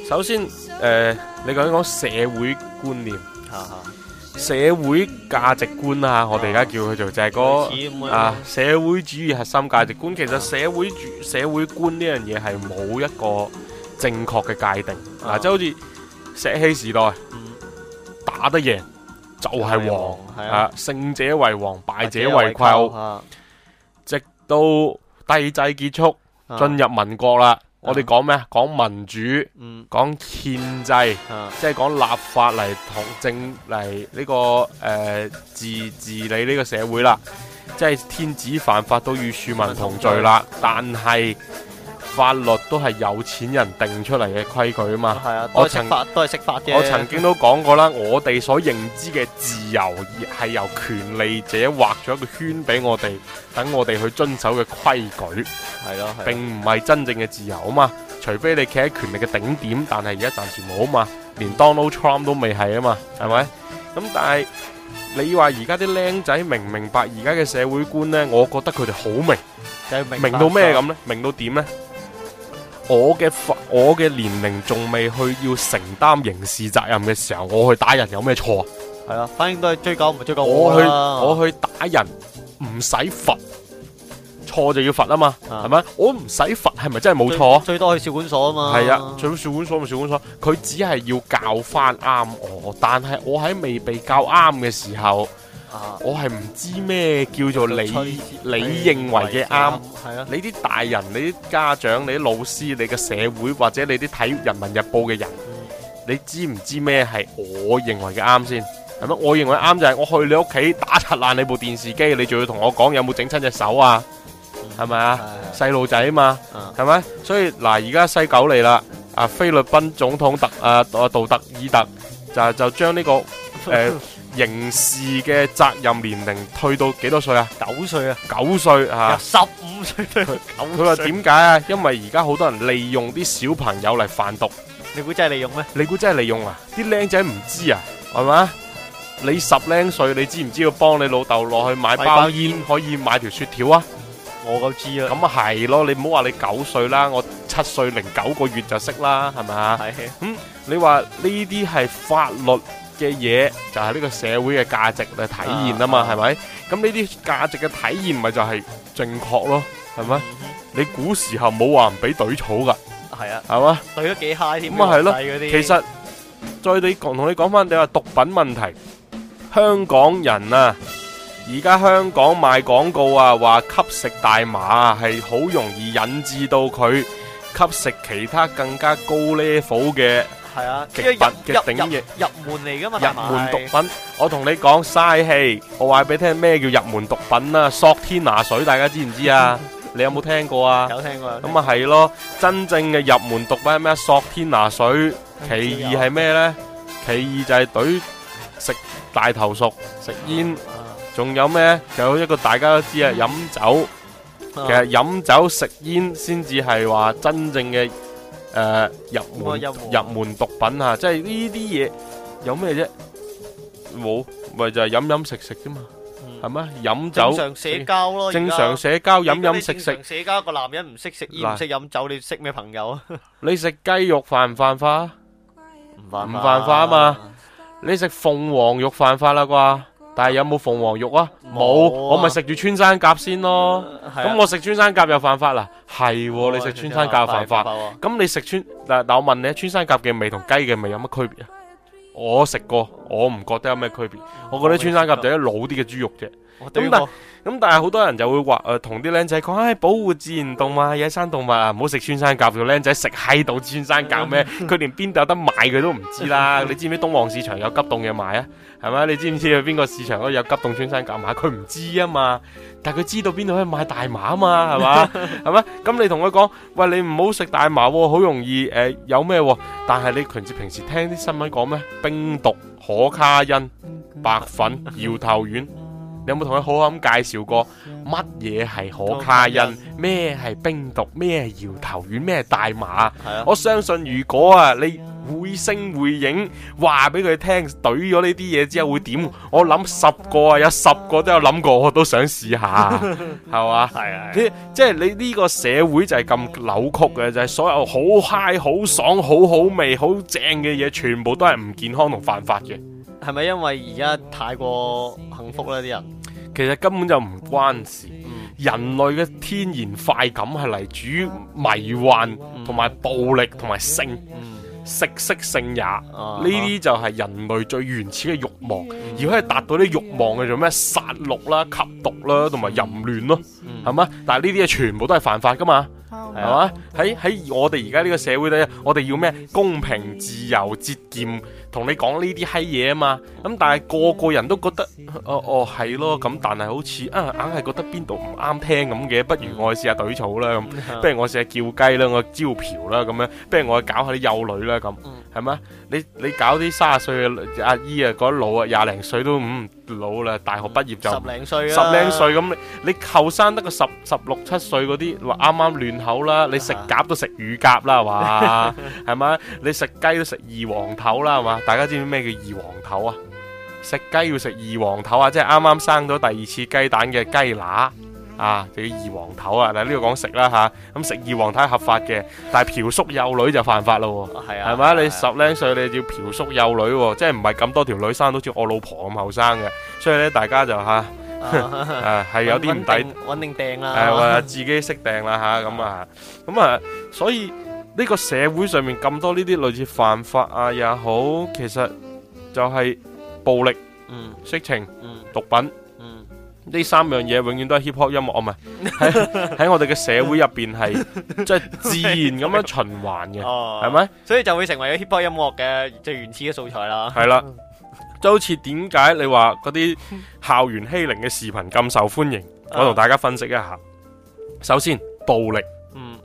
首先，誒，你講一講社會觀念，社會價值觀啊，我哋而家叫佢做就係個啊，社會主義核心價值觀。其實社會主社會觀呢樣嘢係冇一個正確嘅界定。嗱，即係好似石器時代，打得贏。就係、是、王，是啊，勝者為王，啊、敗者為寇、啊。直到帝制結束，進、啊、入民國啦、啊。我哋講咩？講民主，講、嗯、憲制，啊、即係講立法嚟同政嚟呢個誒自、呃、治、治理呢個社會啦。即係天子犯法，都與庶民同罪啦。但係，法律都係有錢人定出嚟嘅規矩嘛啊嘛，我曾都係識法嘅。我曾經都講過啦，我哋所認知嘅自由係由權利者畫咗一個圈俾我哋，等我哋去遵守嘅規矩。係咯，啊啊，並唔係真正嘅自由啊嘛。除非你企喺權力嘅頂點，但係而家暫時冇啊嘛。連 Donald Trump 都未係啊嘛，係咪？咁但係你話而家啲靚仔明唔明白而家嘅社會觀呢？我覺得佢哋好明，就係明，明到咩咁呢？明到點呢？我嘅罰，我嘅年齡仲未去要承擔刑事責任嘅時候，我去打人有咩錯啊？係啊，反正都係追究唔追究我我去、啊、我去打人，唔使罰，錯就要罰啊嘛，係、啊、咪？我唔使罰，係咪真係冇錯？最多去少管所啊嘛。係啊，最少管所咪少管所，佢只係要教翻啱我，但係我喺未被教啱嘅時候。啊、我係唔知咩叫做你你，你認為嘅啱係啊？你啲大人，你啲家長，你啲老師，你嘅社會或者你啲睇《人民日報》嘅人、嗯，你知唔知咩係我認為嘅啱先？係咩？我認為啱就係我去你屋企打拆爛你部電視機，你仲要同我講有冇整親隻手啊？係、嗯、咪啊？細路仔嘛，係、嗯、咪？所以嗱，而家西九嚟啦，啊菲律賓總統特啊杜特爾特就就將呢、這個。誒、 呃，刑事嘅責任年齡退到幾多歲啊？九歲啊，啊，啊，啊，九歲啊，十五歲退九歲。佢話點解啊？因為而家好多人利用啲小朋友嚟販毒你。你估真係利用咩？你估真係利用啊？啲僆仔唔知啊，係 嘛？你十僆歲，你知唔知要幫你老豆落去買包煙，可以買條雪條啊？我都知啊。咁係咯，你唔好話你九歲啦，我七歲零九個月就識啦，係咪啊？咁、嗯、你話呢啲係法律？嘅嘢就係、是、呢個社會嘅價值嘅體現啊嘛，係咪？咁呢啲價值嘅體現咪就係正確咯，係咪、嗯？你古時候冇話唔俾懟草噶，係、嗯、啊，係嘛？懟得幾 high 添？咁啊係咯，其實再你講同你講翻你話毒品問題，香港人啊，而家香港賣廣告啊，話吸食大麻係好容易引致到佢吸食其他更加高 level 嘅。係啊，極品極頂嘢入入入門嚟噶嘛，入門毒品。我同你講嘥氣，我話俾你聽咩叫入門毒品啊？索天拿水，大家知唔知啊？你有冇聽過啊？有聽過。咁啊係咯，真正嘅入門毒品係咩？索天拿水。其二係咩呢？其二就係懟食大頭熟食煙，仲有咩？有一個大家都知啊，飲酒。其實飲酒食煙先至係話真正嘅。誒，入門入門毒品吓，即係呢啲嘢有咩啫？冇，咪就係飲飲食食啫嘛，係咩？飲酒正常社交咯，正常社交飲飲食食。社交個男人唔識食煙唔識飲酒，你識咩朋友啊？你食雞肉犯唔犯法？唔犯法啊嘛？你食鳳凰肉犯法啦啩？但係有冇鳳凰肉啊？冇、啊，我咪食住穿山甲先咯。咁、啊、我食穿山甲又犯法啦、啊？係、啊，你食穿山甲又犯法。咁你食穿嗱？但我問你，穿山甲嘅味同雞嘅味有乜區別啊？我食過，我唔覺得有咩區別。我覺得穿山甲就啲老啲嘅豬肉啫。咁、嗯、但咁係好多人就會話誒，同啲僆仔講，唉，保護自然動物、野生動物啊，唔好食穿山甲。個僆仔食喺度穿山甲咩？佢連邊度有得賣佢都唔知啦。你知唔知東旺市場有急凍嘢賣啊？係咪？你知唔知去邊個市場度有急凍穿山甲賣？佢、啊、唔知啊他知道嘛。但係佢知道邊度可以買大麻啊嘛，係 嘛？係咪？咁你同佢講，喂，你唔好食大麻、哦，好容易誒、呃，有咩、哦？但係你平時平時聽啲新聞講咩？冰毒、可卡因、白粉、搖頭丸。你有冇同佢好好咁介紹過乜嘢係可卡因，咩係冰毒，咩搖頭丸，咩大麻啊？我相信如果啊你會聲會影話俾佢聽，懟咗呢啲嘢之後會點？我諗十個啊，有十個都有諗過，我都想試下，係 嘛？係啊！即係你呢，就是，個社會就係咁扭曲嘅，就係、是，所有好嗨、好爽、好好味、好正嘅嘢，全部都係唔健康同犯法嘅。係咪因為而家太過幸福咧？啲人其實根本就唔關事。人類嘅天然快感係嚟自於迷幻同埋暴力同埋性，食色性也。呢啲就係人類最原始嘅欲望，而可以達望的。而去達到啲欲望嘅，做咩殺戮啦、吸毒啦，同埋淫亂咯，係嘛？但係呢啲嘢全部都係犯法噶嘛？係嘛？喺、嗯、喺我哋而家呢個社會度，我哋要咩？公平、自由、節儉，同你講呢啲閪嘢啊嘛。咁但係個個人都覺得，哦哦，係咯。咁但係好似啊，硬係覺得邊度唔啱聽咁嘅，不如我去試下懟草啦。不如我試下叫雞啦，我招嫖啦咁樣。不如我去搞下啲幼女啦咁。係咩？你你搞啲三十歲嘅阿姨啊，嗰、那個、老啊，廿零歲都唔、嗯、老啦，大學畢業就十零歲啦，十零歲咁，你後生得個十十六七歲嗰啲，話啱啱嫩口啦，你食鴿都食乳鴿啦，係嘛？係 咪？你食雞都食二黃頭啦，係嘛？ 大家知唔知咩叫二黃頭啊？食雞要食二黃頭啊，即係啱啱生咗第二次雞蛋嘅雞乸。啊，就要二黃頭這啊！嗱，呢度講食啦吓，咁食二黃太合法嘅，但係嫖宿幼女就犯法咯。係啊，係咪、啊？你十零歲、啊，你就嫖宿幼女，啊啊、即係唔係咁多條女生，都似我老婆咁後生嘅。所以咧，大家就吓，係、啊啊啊、有啲唔抵，穩、啊、定掟啦，或者、啊、自己識掟啦吓，咁啊，咁啊，啊， 啊，所以呢、呢個社會上面咁多呢啲類似犯法啊也好，其實就係暴力、嗯、色情、嗯、毒品。呢三樣嘢永遠都係 hip hop 音樂啊，唔係喺喺我哋嘅社會入邊係即係自然咁樣循環嘅，係 咪、哦？所以就會成為咗 hip hop 音樂嘅最原始嘅素材啦。係啦，就好似點解你話嗰啲校園欺凌嘅視頻咁受歡迎？我同大家分析一下。首先，暴力，嗯，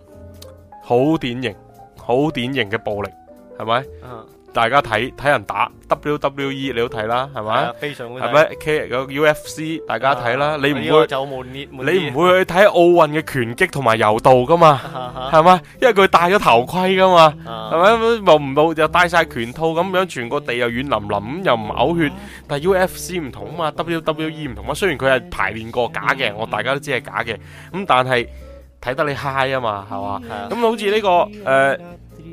好典型，好典型嘅暴力，係咪？嗯。大家睇睇人打 WWE 你都睇啦，係咪、啊？非常係咪 K 有 UFC？大家睇啦，啊、你唔會就你唔會去睇奧運嘅拳擊同埋柔道噶嘛？係、啊、嘛、啊？因為佢戴咗頭盔噶嘛？係、啊、咪？冇唔到就戴晒拳套咁樣，全個地又軟淋淋，又唔嘔血、啊。但 UFC 唔同啊嘛，WWE 唔同啊。雖然佢係排練過、啊、假嘅，我大家都知係假嘅。咁但係睇得你嗨 i 啊嘛，係、啊、嘛？咁好似呢、這個誒。啊呃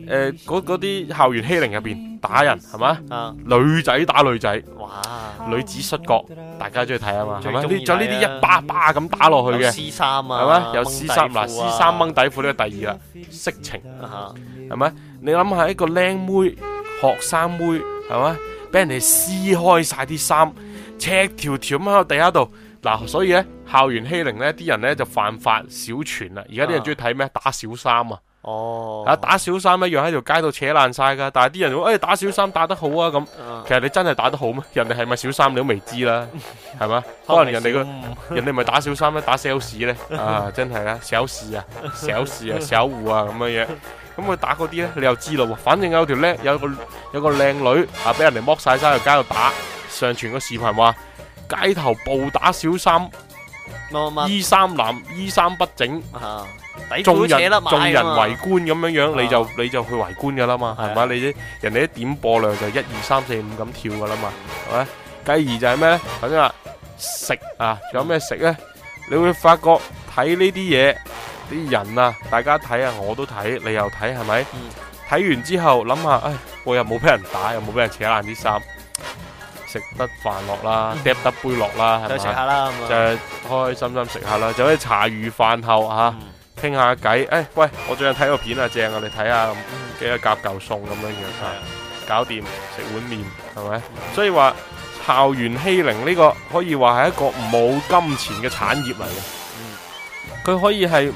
誒、呃，嗰啲校園欺凌入邊打人係嘛、啊，女仔打女仔，哇，女子摔角、啊，大家中意睇啊嘛，係嘛？仲呢啲一巴巴咁打落去嘅，係嘛？有撕衫、啊，嗱，撕衫掹底褲呢個第二啦，色情，係、啊、咪？你諗下一個靚妹學生妹，係嘛？俾人哋撕開晒啲衫，赤條條咁喺度地下度，嗱，所以咧校園欺凌咧啲人咧就犯法小傳啦，而家啲人中意睇咩？打小三啊！哦，啊打小三一樣喺條街度扯爛晒，噶，但係啲人話誒、欸、打小三打得好啊咁、嗯，其實你真係打得好咩？人哋係咪小三你都未知啦，係 嘛？可能人哋、嗰個 人哋唔係打小三咩，打 sales 咧 啊，真係啦、啊、小事啊小事啊，小戶啊咁嘅嘢。咁佢打嗰啲咧你又知咯，反正有條叻有個有個靚女啊俾人哋剝晒衫喺街度打，上傳個視頻話街頭暴打小三。哦、衣衫襤，衣衫不整，吓、啊，眾人眾人圍觀咁樣樣、啊，你就你就去圍觀噶啦嘛，係咪？啊、你啲人哋啲點播量就一二三四五咁跳噶啦嘛，係咪？繼而就係咩咧？頭先話食啊，仲有咩食咧？你會發覺睇呢啲嘢，啲人啊，大家睇啊，我都睇，你又睇，係咪？睇、嗯、完之後諗下，唉，我又冇俾人打，又冇俾人扯爛啲衫。食得飯落啦，嗒、嗯、得杯落啦，係咪？食下啦，咁就係、是、開開心心食下啦，就喺茶餘飯後吓，傾、嗯、下偈。誒、哎，喂，我最近睇個片看看、嗯、幾個啊，正啊，你睇下，幾多夾嚿餸咁樣樣，係，搞掂，食碗麵，係咪、嗯？所以話校園欺凌呢個可以話係一個冇金錢嘅產業嚟嘅，佢、嗯、可以係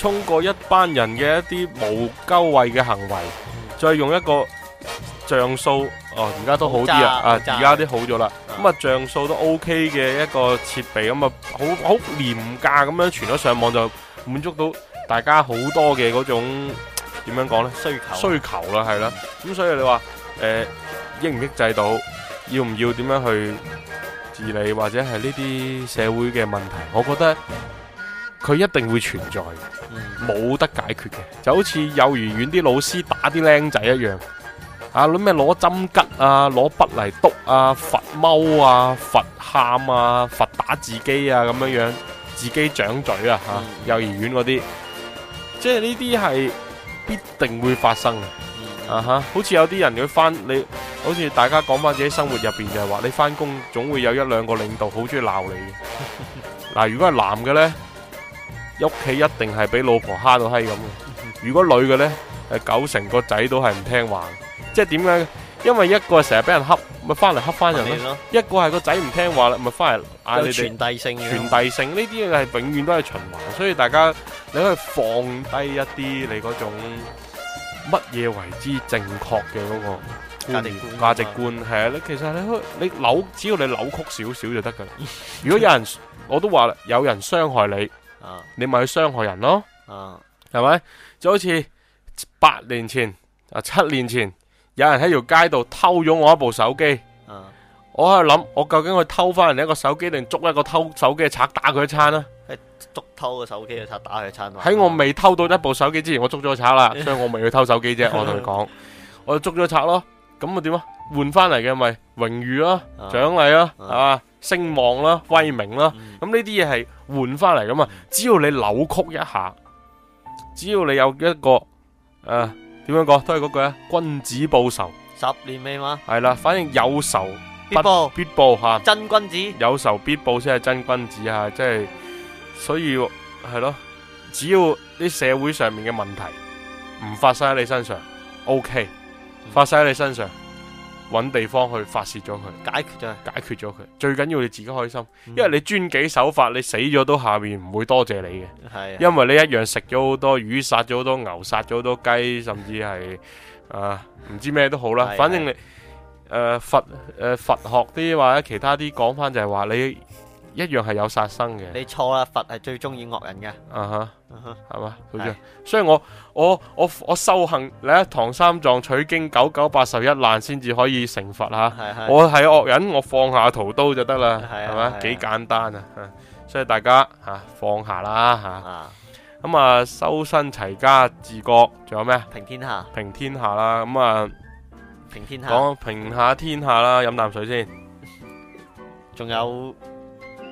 通過一班人嘅一啲無鳩位嘅行為、嗯，再用一個像素。哦，而家都好啲啊！啊，而家啲好咗啦。咁、嗯、啊，像素都 OK 嘅一個設備，咁啊，好好廉價咁樣傳咗上網就滿足到大家好多嘅嗰種點樣講咧需求需求啦，係啦。咁、嗯、所以你話誒，抑唔抑制到，要唔要點樣去治理，或者係呢啲社會嘅問題，我覺得佢一定會存在，冇、嗯、得解決嘅，就好似幼兒園啲老師打啲僆仔一樣。啊！攞咩攞針吉啊！攞筆嚟篤啊！罰踎啊！罰喊啊！罰、啊、打自己啊！咁樣樣，自己掌嘴啊！吓、啊，幼兒園嗰啲，即係呢啲係必定會發生嘅啊哈！好似有啲人佢翻你，好似大家講翻自己生活入邊就係話，你翻工總會有一兩個領導好中意鬧你嘅。嗱、啊，如果係男嘅咧，屋企一定係俾老婆蝦到閪咁，如果女嘅咧，誒九成個仔都係唔聽話。即係點解？因為一個成日俾人恰，咪翻嚟恰翻人咯。一個係個仔唔聽話啦，咪翻嚟嗌你哋。有傳遞性嘅。傳遞性呢啲嘢係永遠都係循環，所以大家你可以放低一啲你嗰種乜嘢為之正確嘅嗰個價值觀。價值觀係啊，你其實你可以你扭，只要你扭曲少少就得噶啦。如果有人我都話啦，有人傷害你，你咪去傷害人咯。啊，係咪就好似八年前啊，七年前。有人喺條街度偷咗我一部手機、嗯，我喺度諗，我究竟去偷翻人哋一個手機，定捉一個偷手機嘅賊打佢一餐啦？捉偷個手機嘅賊打佢一餐喇。喺我未偷到一部手機之前，我捉咗賊啦， 所以我咪去偷手機啫。我同 就講，我捉咗賊咯。咁我點啊？換翻嚟嘅咪榮譽啦、獎勵啦、係嘛、聲望啦、威名啦。咁呢啲嘢係換翻嚟噶嘛？只要你扭曲一下，只要你有一個誒。啊點樣講？都係嗰句啊！君子報仇，十年未晚。係啦，反正有仇必報，必報吓。真君子有仇必報先係真君子吓，即係所以係咯。只要啲社會上面嘅問題唔發生喺你身上，OK；發生喺你身上。揾地方去發泄咗佢，解決咗，解決咗佢。最緊要你自己開心，嗯、因為你遵紀守法，你死咗都下面唔會多謝你嘅。因為你一樣食咗好多魚，殺咗好多牛，殺咗好多雞，甚至係呃、唔知咩都好啦。反正你、呃、佛、呃、佛學啲或者其他啲講返就係話你。一樣係有殺生嘅。你錯啦，佛係最中意惡人嘅。啊、uh-huh, 吓？ 係嘛，所以所以我我我我修行你啊，唐三藏取經九九八十一難先至可以成佛吓、啊。我係惡人，我放下屠刀就得啦，係嘛，幾簡單啊！所以大家吓、啊、放下啦吓。咁啊，修、啊、身齊家治國，仲有咩？平天下。平天下啦，咁啊，平天下。講平下天下啦，飲啖水先。仲有。嗯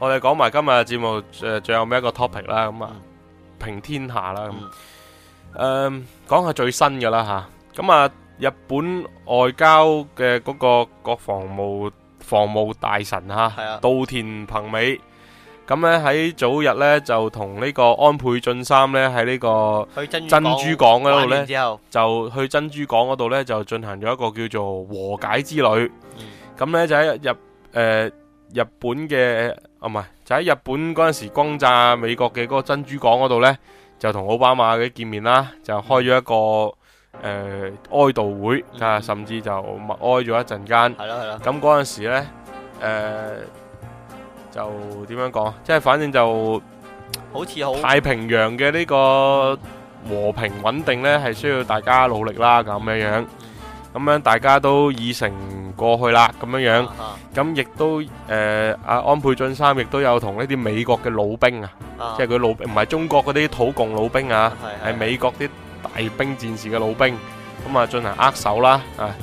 我哋講埋今日嘅節目誒，最後尾一個 topic 啦。咁啊，平天下啦咁。誒，講下最新嘅啦吓。咁啊,日本外交嘅嗰個國防務防務大臣吓，稻田朋美。咁咧喺早日咧就同呢個安倍晉三咧喺呢個去珍珠港嗰度咧，就去珍珠港嗰度咧就進行咗一個叫做和解之旅。咁咧就喺日誒日本嘅。唔、啊、係，就喺日本嗰陣時轟炸美國嘅嗰個珍珠港嗰度呢就同奧巴馬嘅見面啦，就開咗一個誒、呃、哀悼會，啊、嗯，甚至就默、呃、哀咗一陣間。咁嗰陣時咧、呃，就點樣講？即係反正就好似好太平洋嘅呢個和平穩定呢，係需要大家努力啦，咁樣樣。咁樣大家都已成過去啦，咁樣樣，咁亦都誒，阿安倍晉三亦都有同呢啲美國嘅老兵啊，即係佢老唔係中國嗰啲土共老兵啊，係美國啲大兵戰士嘅老兵，咁啊進行握手啦，啊，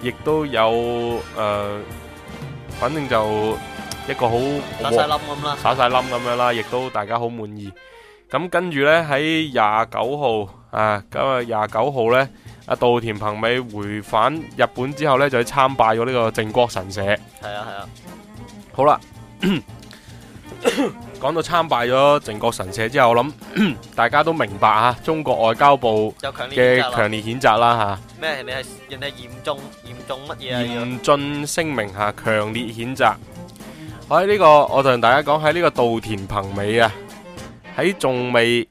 亦都有誒，反正就一個好打晒冧咁啦，打晒冧咁樣啦，亦都大家好滿意。咁跟住呢喺廿九號啊，咁啊廿九號呢。阿稻田朋美回返日本之後呢，就去參拜咗呢個靖國神社。係啊係啊，好啦，講 到參拜咗靖國神社之後，我諗大家都明白啊，中國外交部嘅強烈譴責啦嚇。咩、啊？你係人哋嚴重嚴重乜嘢啊？嚴峻聲明下強烈譴責。喺、嗯、呢、呢個，我同大家講喺呢個稻田朋美啊，喺仲未。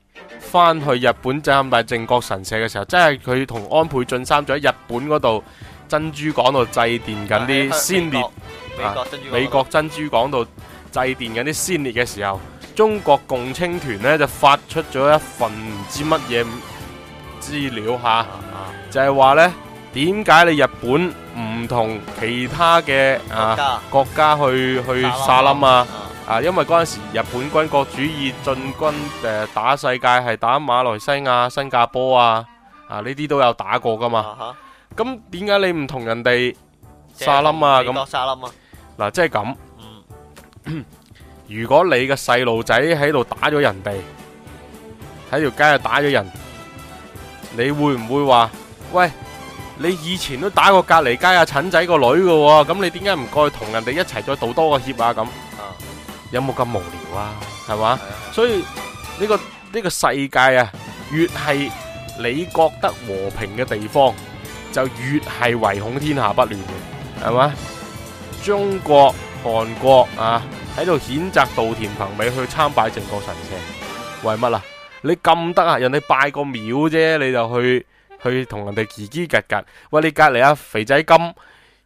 翻去日本就拜靖國神社嘅時候，即係佢同安倍晉三喺日本嗰度珍珠港度祭奠緊啲先烈美美，啊，美國珍珠港度祭奠緊啲先烈嘅時候，中國共青團呢就發出咗一份唔知乜嘢資料吓、啊啊啊，就係、是、話呢點解你日本唔同其他嘅啊國家，國家去去撒冧啊？啊啊啊，因為嗰陣時日本軍國主義進軍誒，打世界係打馬來西亞、新加坡啊，啊呢啲都有打過噶嘛。咁點解你唔同人哋沙林啊？咁幾多沙林啊？嗱，即係咁。嗯，如果你個細路仔喺度打咗人哋喺條街啊，打咗人，你會唔會話，喂，你以前都打過隔籬街阿陳仔個女噶，咁你點解唔過去同人哋一齊再道多個歉啊？咁？有冇咁無聊啊？係嘛？ 所以呢、這個呢、這個世界啊，越係你覺得和平嘅地方，就越係唯恐天下不亂嘅，係嘛？中國、韓國啊，喺度譴責稻田朋美去參拜靖國神社，為乜啊？你咁得閒啊？人哋拜個廟啫，你就去去同人哋嘰嘰格格，喂，你隔籬啊，肥仔金。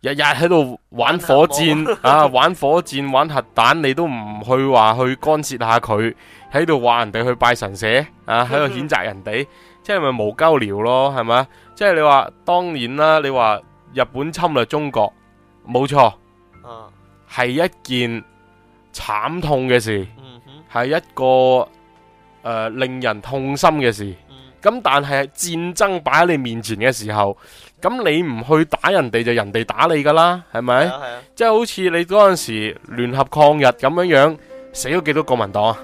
日日喺度玩火箭玩啊，玩火箭玩核彈， 你都唔去話去干涉下佢，喺度話人哋去拜神社啊，喺度譴責人哋、嗯，即係咪無鳩聊咯，係咪？即係你話當然啦，你話日本侵略中國，冇錯，係、嗯、一件慘痛嘅事，係、嗯、一個、呃、令人痛心嘅事。咁但係戰爭擺喺你面前嘅時候，咁你唔去打人哋就人哋打你噶啦，係咪、啊啊？即係好似你嗰陣時聯合抗日咁樣樣，死咗幾多國民黨啊，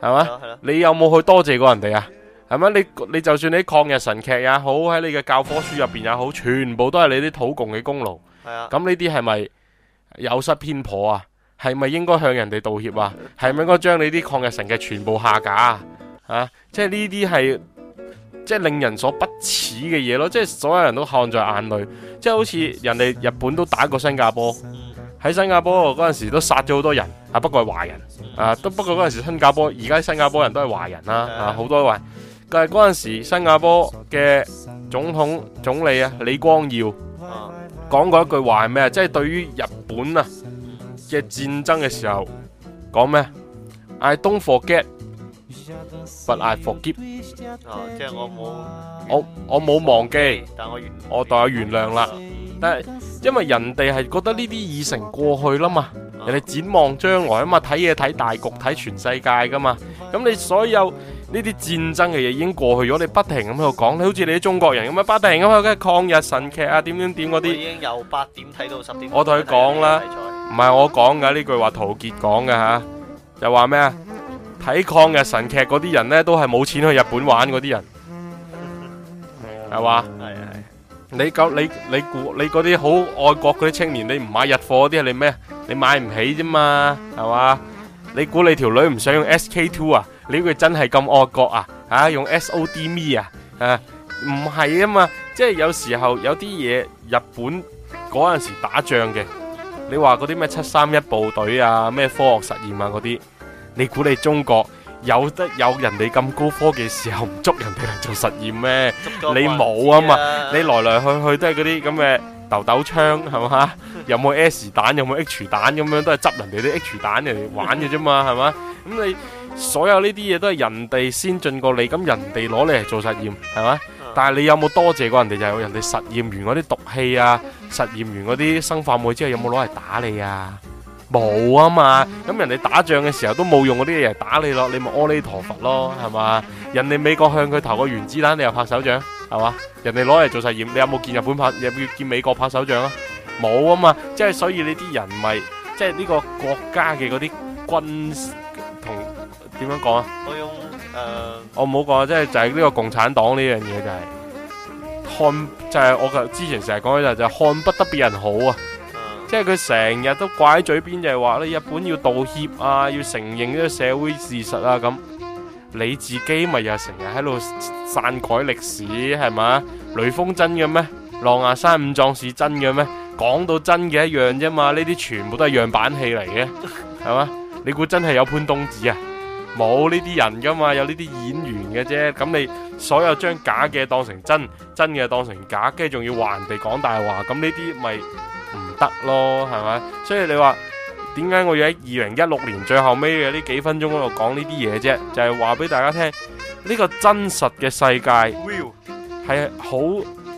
係嘛、啊？你有冇去多謝過人哋啊？係咪？你你就算你抗日神劇也好，喺你嘅教科書入邊也好，全部都係你啲土共嘅功勞。咁呢啲係咪有失偏頗啊？係咪應該向人哋道歉啊？係咪應該將你啲抗日神劇全部下架啊，即係呢啲係。即係令人所不恥嘅嘢咯，即係所有人都看在眼裏，即係好似人哋日本都打過新加坡，喺新加坡嗰陣時都殺咗好多人，啊不過係華人，啊都不過嗰陣時新加坡，而家新加坡人都係華人啦，啊好多位，但係嗰陣時新加坡嘅總統總理啊李光耀啊講過一句話係咩？即係對於日本啊嘅戰爭嘅時候講咩？I don't forget。But I forgive，哦，即係我冇，我我冇忘記，但我原我代我原諒啦，但係因為人哋係覺得呢啲已成過去啦嘛，人哋展望將來啊嘛，睇嘢睇大局睇全世界噶嘛，咁你所有呢啲戰爭嘅嘢已經過去咗，你不停咁喺度講，你好似你啲中國人咁啊，不停咁喺度抗日神劇啊，點點點嗰啲，已經由八點睇到十點，我同佢講啦，唔係我講噶呢句話，陶傑講噶吓，就話咩啊？睇抗日神劇嗰啲人呢，都係冇錢去日本玩嗰啲人，係嘛？係啊係。你咁你你估你嗰啲好愛國嗰啲青年，你唔買日貨嗰啲，你咩？你買唔起啫嘛，係嘛？你估你條女唔想用 SK2 啊？你估佢真係咁愛國啊？吓用 SODM 啊？吓唔係啊嘛？即係有時候有啲嘢，日本嗰陣時打仗嘅，你話嗰啲咩七三一部隊啊，咩科學實驗啊嗰啲。你估你中國有得有人哋咁高科技時候唔捉人哋嚟做實驗咩？捉人哋？你冇啊嘛！你來來去去都係嗰啲咁嘅豆豆槍，係咪？有冇 S 彈，有冇 H 彈？咁樣都係執人哋啲 H 彈嚟玩嘅啫嘛係咪？咁你所有呢啲嘢都係人哋先進過你，咁人哋攞你嚟做實驗，係咪？但係你有冇多謝過人哋？就係人哋實驗完嗰啲毒氣啊，實驗完嗰啲生化武器之後有冇攞嚟打你啊？冇啊嘛，咁人哋打仗嘅時候都冇用嗰啲嘢嚟打你咯，你咪阿彌陀佛咯，係嘛？人哋美國向佢投個原子彈，你又拍手掌，係嘛？人哋攞嚟做實驗，你有冇見日本拍，你有冇見美國拍手掌啊？冇啊嘛，即係所以你啲人咪，即係呢個國家嘅嗰啲軍同點樣講啊？我用誒、呃，我冇講，即係就係、是、呢個共產黨呢樣嘢就係、是、看，就係、是、我之前成日講嘅就係看不得別人好啊。即係佢成日都掛喺嘴邊，就係話咧日本要道歉啊，要承認呢個社會事實啊咁。你自己咪又成日喺度篡改歷史係嘛？雷鋒真嘅咩？狼牙山五壯士真嘅咩？講到真嘅一樣啫嘛？呢啲全部都係樣板戲嚟嘅，係嘛？你估真係有潘冬子啊？冇呢啲人噶嘛？有呢啲演員嘅啫。咁你所有將假嘅當成真，真嘅當成假，跟住仲要話人哋講大話，咁呢啲咪？得咯，係咪？所以你話點解我要喺二零一六年最後尾嘅呢幾分鐘嗰度講呢啲嘢啫？就係話俾大家聽呢個真實嘅世界係好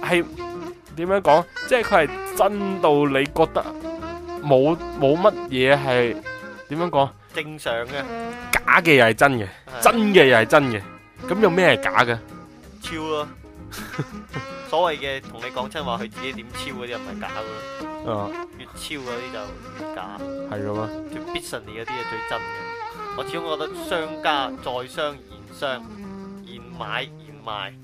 係點樣講？即係佢係真到你覺得冇冇乜嘢係點樣講？正常嘅假嘅又係真嘅，真嘅又係真嘅，咁有咩係假嘅？超啊！所謂嘅同你講真話，佢自己點超嗰啲又唔係假嘅咯，越超嗰啲就越假。係咁啊，條必順啲嗰啲啊最真嘅。我始終覺得商家在商言商，現買現賣，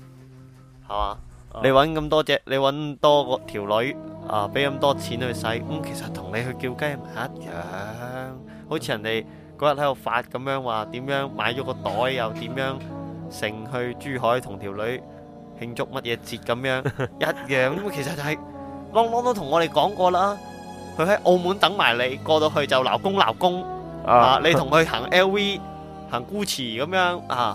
係嘛？你揾咁多隻，你揾多個條女啊，俾咁多錢去使，咁其實同你去叫雞唔係一樣。好似人哋嗰日喺度發咁樣話，點樣買咗個袋又點樣，乘去珠海同條女。慶祝乜嘢節咁樣一樣咁，其實就係朗朗都同我哋講過啦。佢喺澳門等埋你，過到去就鬧工鬧工啊！你同佢行 LV、行 Gucci 咁樣啊，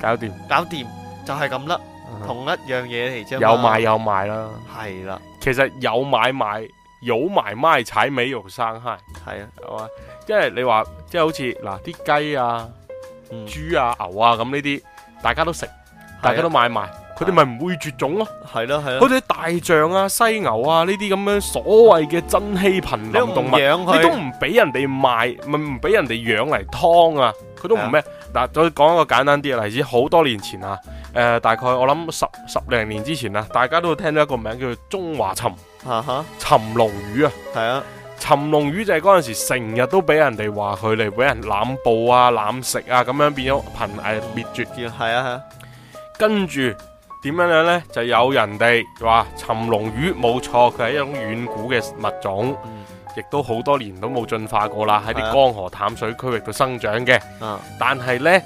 搞掂搞掂就係咁啦，同一樣嘢嚟啫。有賣有賣啦，係啦，其實有買賣，有埋賣踩美玉生嗨係啊，係嘛？即係你話即係好似嗱啲雞啊、豬啊、牛啊咁呢啲，大家都食，大家都買賣。佢哋咪唔會絕種咯、啊？係咯，係咯。好似大象啊、犀牛啊呢啲咁樣所謂嘅珍稀瀕臨動物，不你都唔俾人哋賣，咪唔俾人哋養嚟劏啊？佢都唔咩？嗱，再講一個簡單啲嘅例子。好多年前啊，誒、呃，大概我諗十十零年之前啊，大家都聽到一個名叫做中華鱘嚇嚇鱘龍魚啊，係啊，鱘龍魚就係嗰陣時成日都俾人哋話佢哋俾人濫捕啊、濫食啊，咁樣變咗瀕危滅絕嘅係啊，跟住。點樣樣呢就有人哋話鱘龍魚冇錯，佢係一種遠古嘅物種，亦、嗯、都好多年都冇進化過啦，喺啲江河淡水區域度生長嘅、嗯。但係呢，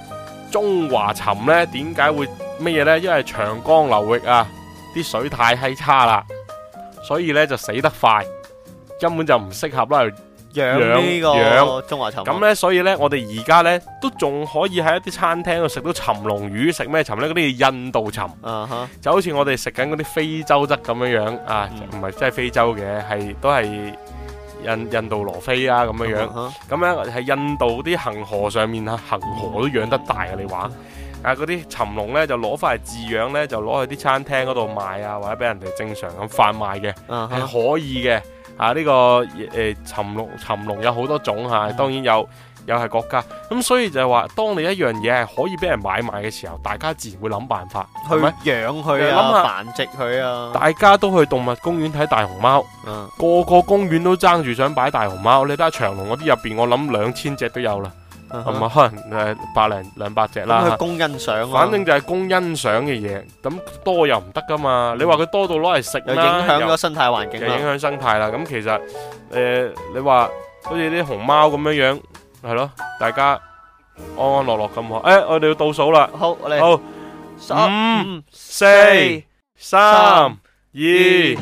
中華鱘呢點解會咩嘢呢？因為長江流域啊啲水太稀差啦，所以呢就死得快，根本就唔適合啦。養呢個養養中華鱘，咁咧，所以咧，我哋而家咧都仲可以喺一啲餐廳度食到鱘龍魚，食咩鱘咧？嗰啲叫印度鱘，uh-huh. 就好似我哋食緊嗰啲非洲鯽咁樣樣啊，唔係即係非洲嘅，係都係印印度羅非啊咁樣樣。咁咧喺印度啲恒河上面啊，恒河都養得大啊！你話啊，嗰啲鱘龍咧就攞翻嚟飼養咧，就攞去啲餐廳嗰度賣啊，或者俾人哋正常咁販賣嘅，係、uh-huh. 可以嘅。啊！呢、這個誒，尋龍尋龍有好多種吓，當然有，嗯、又係國家咁，所以就係話，當你一樣嘢係可以俾人買賣嘅時候，大家自然會諗辦法去養佢啊，繁殖佢啊，大家都去動物公園睇大熊貓、嗯，個個公園都爭住想擺大熊貓。你睇下長隆嗰啲入邊，我諗兩千隻都有啦。係咪可能誒，百零兩百隻啦？咁去供欣賞。反正就係供欣賞嘅嘢，咁多又唔得噶嘛。你話佢多到攞嚟食啦，又影響咗生態環境啦。又影響生態啦。咁其實誒，你話好似啲熊貓咁樣樣，係咯，大家安安樂樂咁啊。誒，我哋要倒數啦。好，我哋。好，十、五、四、三、二、一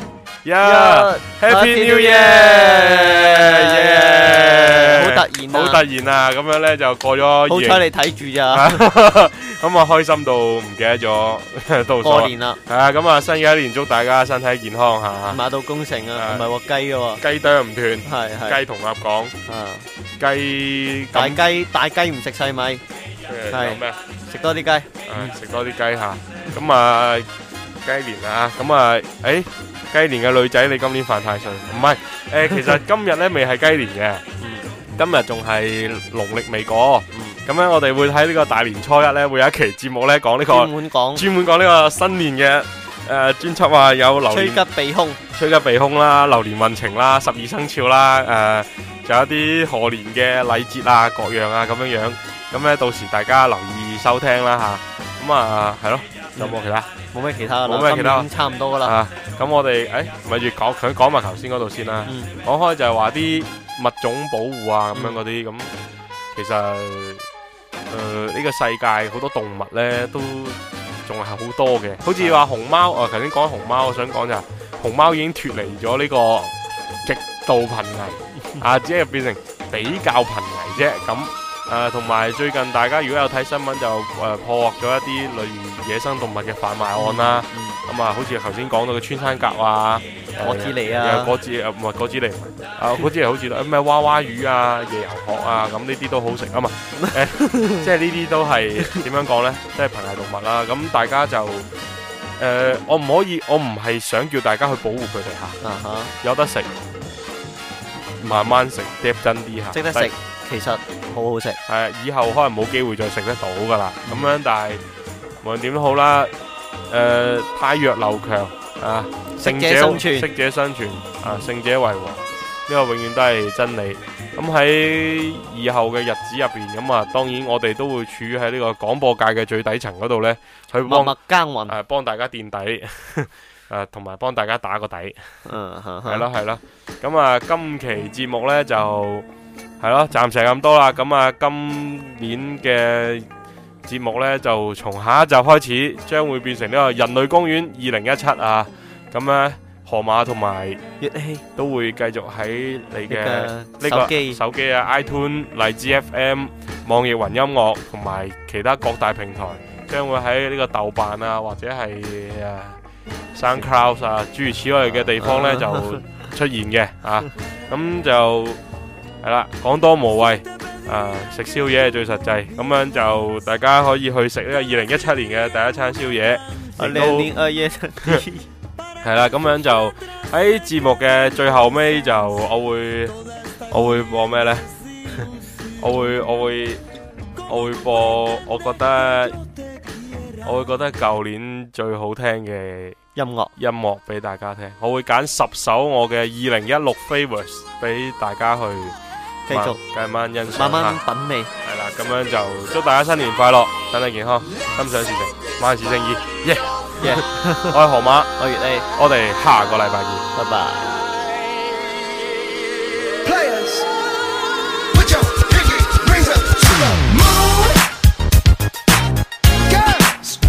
，Happy New Year！好突然啊！咁樣咧就過咗夜。好彩你睇住咋。咁啊，開心到唔記得咗。過年啦。係啊，咁啊，新一年祝大家身體健康吓。馬到功成啊，唔係話雞噶喎。雞啄唔斷。係係。雞同鴨講。嗯。雞大雞大雞唔食細米。係。食多啲雞。嗯。食多啲雞吓。咁啊，雞年啊，咁啊，誒，雞年嘅女仔，你今年犯太歲？唔係，誒，其實今日咧未係雞年嘅。今日仲係農曆未過，咁咧我哋會喺呢個大年初一咧，會有一期節目咧講呢個專門講專門講呢個新年嘅誒專輯啊，有流年、趨吉避凶、趨吉避凶啦，流年運程啦，十二生肖啦，誒，仲有啲賀年嘅禮節啊，各樣啊咁樣樣，咁咧到時大家留意收聽啦吓，咁啊係咯，有冇其他？冇咩其他啦，冇咩其他，差唔多噶啦，吓，咁我哋誒，咪越講想講埋頭先嗰度先啦，講開就係話啲。物種保護啊咁樣嗰啲咁，其實誒呢、呃這個世界好多動物咧都仲係好多嘅，好似話熊貓啊，頭先講熊貓，我想講就係熊貓已經脫離咗呢個極度瀕危， 啊只係變成比較瀕危啫咁。誒、啊，同埋最近大家如果有睇新聞，就誒破獲咗一啲例如野生動物嘅販賣案啦。咁、嗯、啊，好似頭先講到嘅穿山甲啊，果子狸啊，果子唔係果子狸啊，果子係好似咩娃娃魚啊、夜游殼啊，咁呢啲都好食、嗯、啊嘛。即、哎、係、就是、 呢啲都係點樣講咧？即係瀕危動物啦、啊。咁、啊、大家就誒、呃，我唔可以，我唔係想叫大家去保護佢哋吓，啊 uh-huh. 有得食，慢慢食，嗒真啲吓，值得食。其實好好食，係以後可能冇機會再食得到噶啦。咁、嗯、樣，但係無論點都好啦。誒、呃，汰弱留強啊，勝者勝者生存，適者生存啊，勝者為王呢個永遠都係真理。咁喺以後嘅日子入邊，咁啊，當然我哋都會處於喺呢個廣播界嘅最底層嗰度呢，去默默耕耘、啊，誒，幫大家墊底，同埋幫大家打個底。嗯、啊、係、啊、咯，係咯。咁啊，今期節目呢就。嗯係咯，暫時係咁多啦。咁啊，今年嘅節目呢，就從下一集開始，將會變成呢個《人類公園二零一七》啊。咁呢，河馬同埋亦都會繼續喺你嘅呢、呢個、呢個、手機啊、呢個、iTune、荔枝 FM 網、網易雲音樂同埋其他各大平台，將會喺呢個豆瓣啊，或者係 SoundCloud 啊，諸、啊啊、如此類嘅地方呢，啊、就出現嘅啊。咁 就。係啦，講多無謂，呃，食宵夜最實際，咁樣就大家可以去食呢個2017年嘅第一餐宵夜，啊，零二一七。係啦，咁樣就，喺節目嘅最後尾就，我會，我會播咩呢?我會，我會，我會播，我覺得，我會覺得舊年最好聽嘅音樂，音樂俾大家聽。我會揀十首我嘅2016 favorites 俾大家去。繼續慢慢，慢慢欣賞，慢慢品味。係啦，咁樣就祝大家新年快樂，身體健康，yeah。心想事成，萬事勝意。耶耶！我係河馬，我係 A，我哋下個禮拜見，bye bye。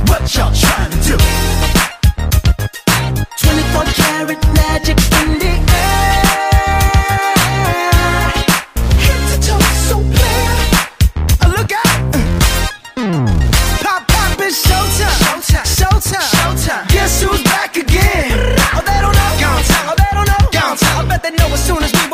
拜拜。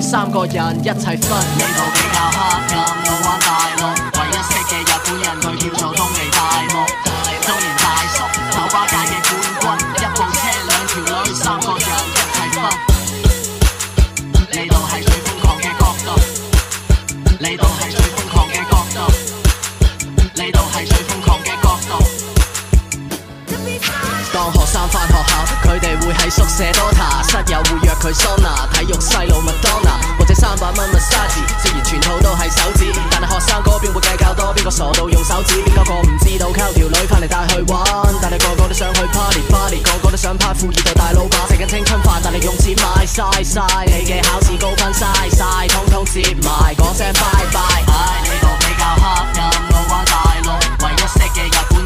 三個人一齊瞓，呢度比較黑暗。我玩大陸唯一識嘅日本人，佢叫做東尼。宿舍多塔室友會約佢桑拿，體育細路麥當娜，或者三百蚊 massage。雖然全套都係手指，但係學生哥邊會計較多？邊個傻到用手指？邊個個唔知道溝條女，返嚟帶去玩？但係個個都想去 party party，個個都想拍富二代大老闆，食緊青春飯，但係用錢買晒晒你嘅考試高分晒晒通通接埋，講聲拜拜。唉，你度比較黑暗，我玩大樂，唯一識嘅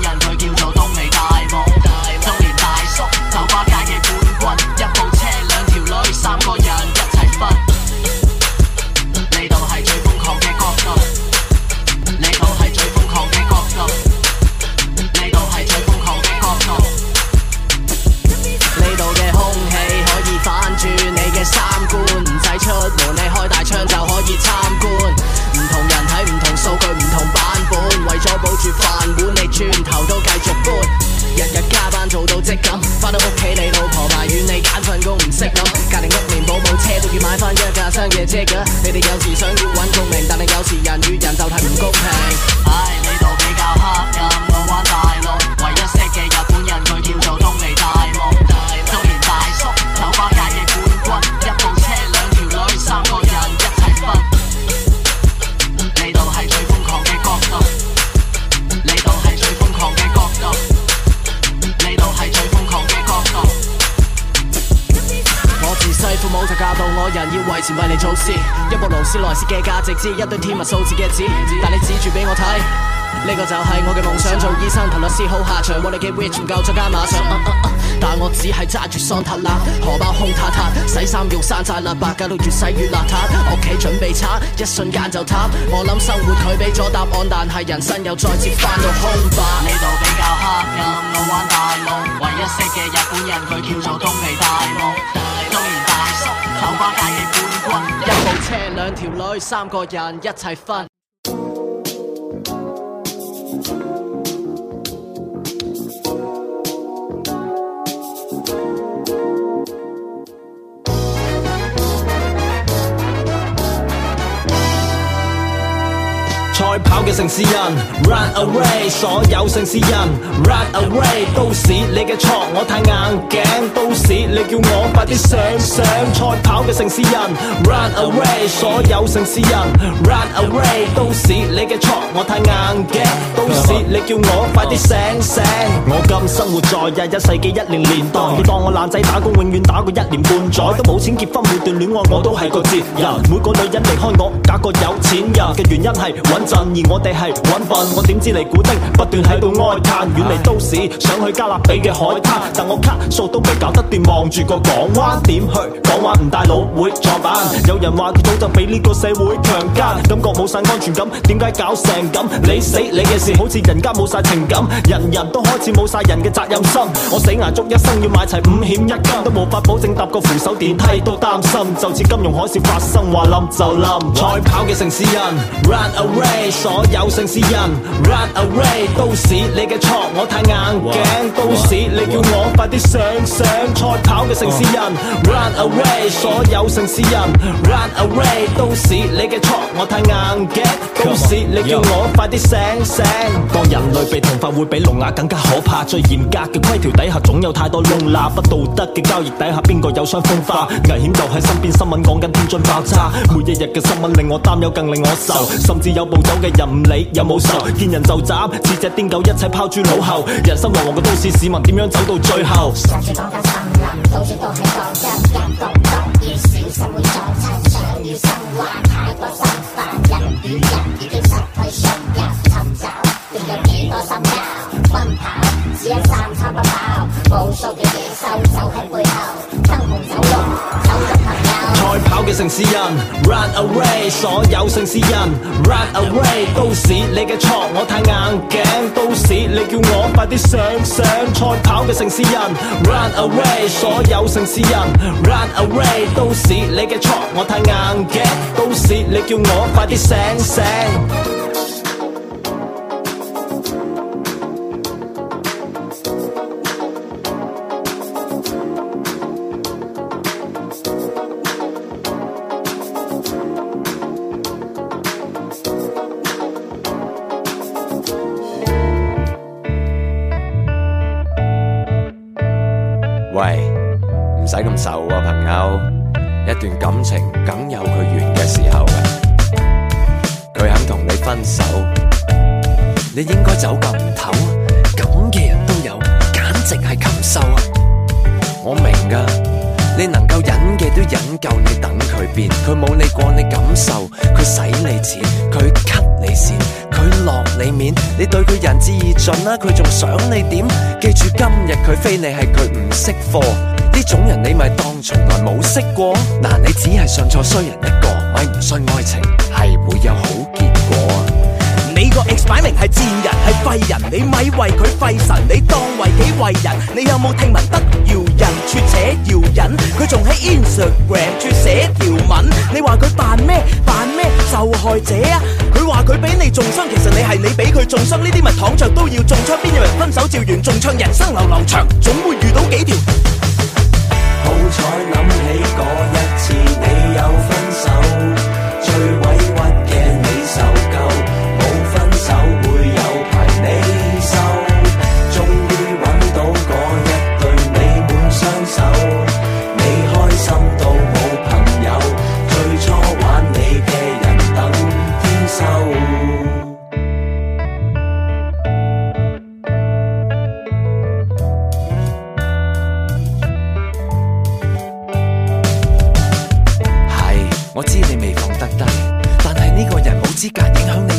要買翻一架新嘅車㗎，你哋有時想要揾共鳴，但係有時人與人就係唔公平。唉、哎，呢度比較黑暗，我玩大路，唯一識嘅人。前為你做事，一部勞斯萊斯嘅價值，值，只係一堆天文數字嘅紙。但你指住俾我睇，呢、呢個就係我嘅夢想，做醫生、同律師好下場。我哋嘅 wage 全夠再加馬上，啊啊啊但我只係揸住桑塔納，荷包空塌塌。洗衫用山寨立白搞到越洗越邋遢，屋企準備拆，一瞬間就塌。我諗生活佢俾咗答案，但係人生又再接翻到空白。呢度比較黑暗，我玩大陸，唯一識嘅日本人佢叫做東皮大夢。大熱冠軍，一部車，兩條女，三個人，一齊分。賽跑嘅城市人，Run away！所有城市人，Run away！都市你嘅錯，我太硬頸。都市你叫我快啲醒醒。賽跑嘅城市人，Run away！所有城市人，Run away！都市你嘅錯，我太硬頸。都市你叫我快啲醒醒。我今生活在廿一世紀一零年，年代，要當，當我爛仔打工，永遠打過一年半載，都冇錢結婚，每段戀愛我都係個賤人，每個女人離開我打個有錢人嘅原因係。而我哋係搵笨，我點知尼古丁不斷喺度哀嘆。遠離都市，想去加勒比嘅海灘，但我卡數都未搞得掂，望住個港灣點去？港灣唔帶腦會撞板。有人話佢早就俾呢個社會強姦，感覺冇曬安全感，點解搞成咁？你死你嘅事，好似人家冇曬情感，人人都開始冇曬人嘅責任心。我死捱足一生要買齊五險一金，都無法保證搭個扶手電梯都擔心。就似金融海嘯發生，話冧就冧。賽跑嘅城市人，run around。所有城市人，run away，都係你嘅錯，我太硬頸，都市你叫我快啲醒醒。賽跑嘅城市人，run away，所有城市人，run away，都係你嘅錯，我太硬頸，都市你叫我快啲醒醒。當人類被同化會比聾啞更加可怕，最嚴格嘅規條底下總有太多用辣不道德嘅交易底下邊個有傷風化，危險就喺身邊，新聞講緊天津爆炸，每一日嘅新聞令我擔憂更令我愁，甚至有部。有嘅人唔理有冇仇，見人就斬，似隻癲狗，一切拋諸腦後。人心惶惶嘅都市，市民點樣走到最後？上次幫家生人，到處都係講陰人，講要小心會撞親人，要心懷太多心煩。人與人已經失去信任，日尋找又有幾多心跳？奔跑只因三餐不飽，無數嘅野獸走喺背後，燈紅酒。賽跑嘅城市人，Run away！所有城市人，Run away！都係你嘅錯，我太硬頸。都係你叫我快啲醒醒。賽跑嘅城市人，Run away！所有城市人，Run away！都係你嘅錯，我太硬頸。都係你叫我快啲醒醒。佢冇理過你感受，佢使你錢，佢 cut 你線，佢落你面，你對佢仁至義盡啦，佢仲想你點？記住今日佢非你係佢唔識貨，呢種人你咪當從來冇識過。嗱，你只係上錯衰人一個，咪唔信愛情係會有好結。你個 ex 擺明係賤人係廢人，你咪為佢費神，你當為己為人。你有冇聽聞得饒人處且饒人？佢仲喺 Instagram 處寫條文，你話佢扮咩？扮咩受害者啊？佢話佢俾你重傷，其實你係你俾佢重傷。呢啲咪躺着都要重唱，邊有人分手照完仲唱人生流流長？總會遇到幾條。好彩諗起嗰日。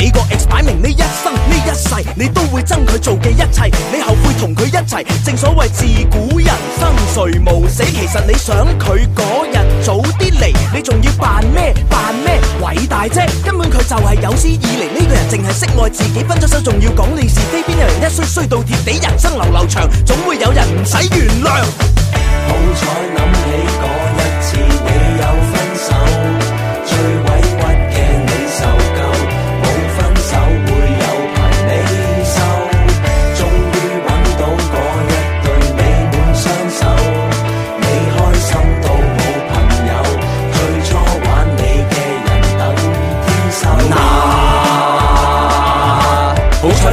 你個 ex 擺明呢一生呢一世你都會憎佢做嘅一切，你後悔同佢一齊。正所謂自古人生誰無死，其實你想佢嗰日早啲嚟，你仲要扮咩扮咩偉大啫？根本佢就係有史以嚟，呢個人淨係識愛自己，分咗手仲要講你是非，邊有人一衰衰到貼地？人生流流長，總會有人唔使原諒。好彩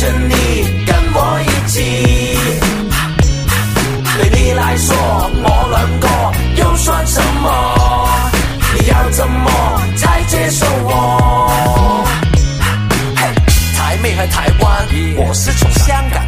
跟着你跟我一起，對你來說，我兩個又算什麼？你要怎麼才接受我？嘿，台妹和台灣，我是從香港，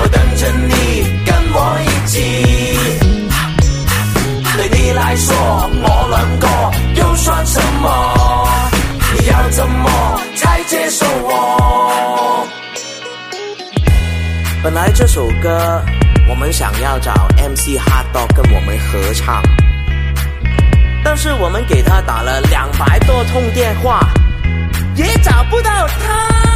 我等着你跟我一起對你來說我難過又算什麼你要怎麼才接受我本來這首歌我們想要找 MC Hotdog 跟我們合唱但是我們給他打了兩百多通電話也找不到他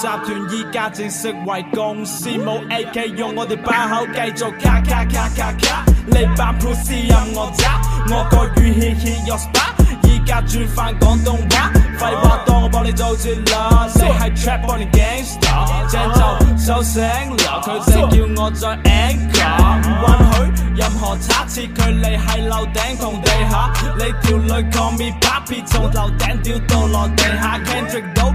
集團依家正式為公司，冇 AK，用我哋把口繼續卡卡卡卡卡。你扮普士任我揸，我個語氣怯弱版，依家轉翻廣東話。廢話多，當我幫你做節律。你係 trap o 你 gangster just 做佢正叫我再 anchor。允許任何差試距離係樓頂同地下。你條女 call me papi，從樓頂屌到落地下。Can't read no。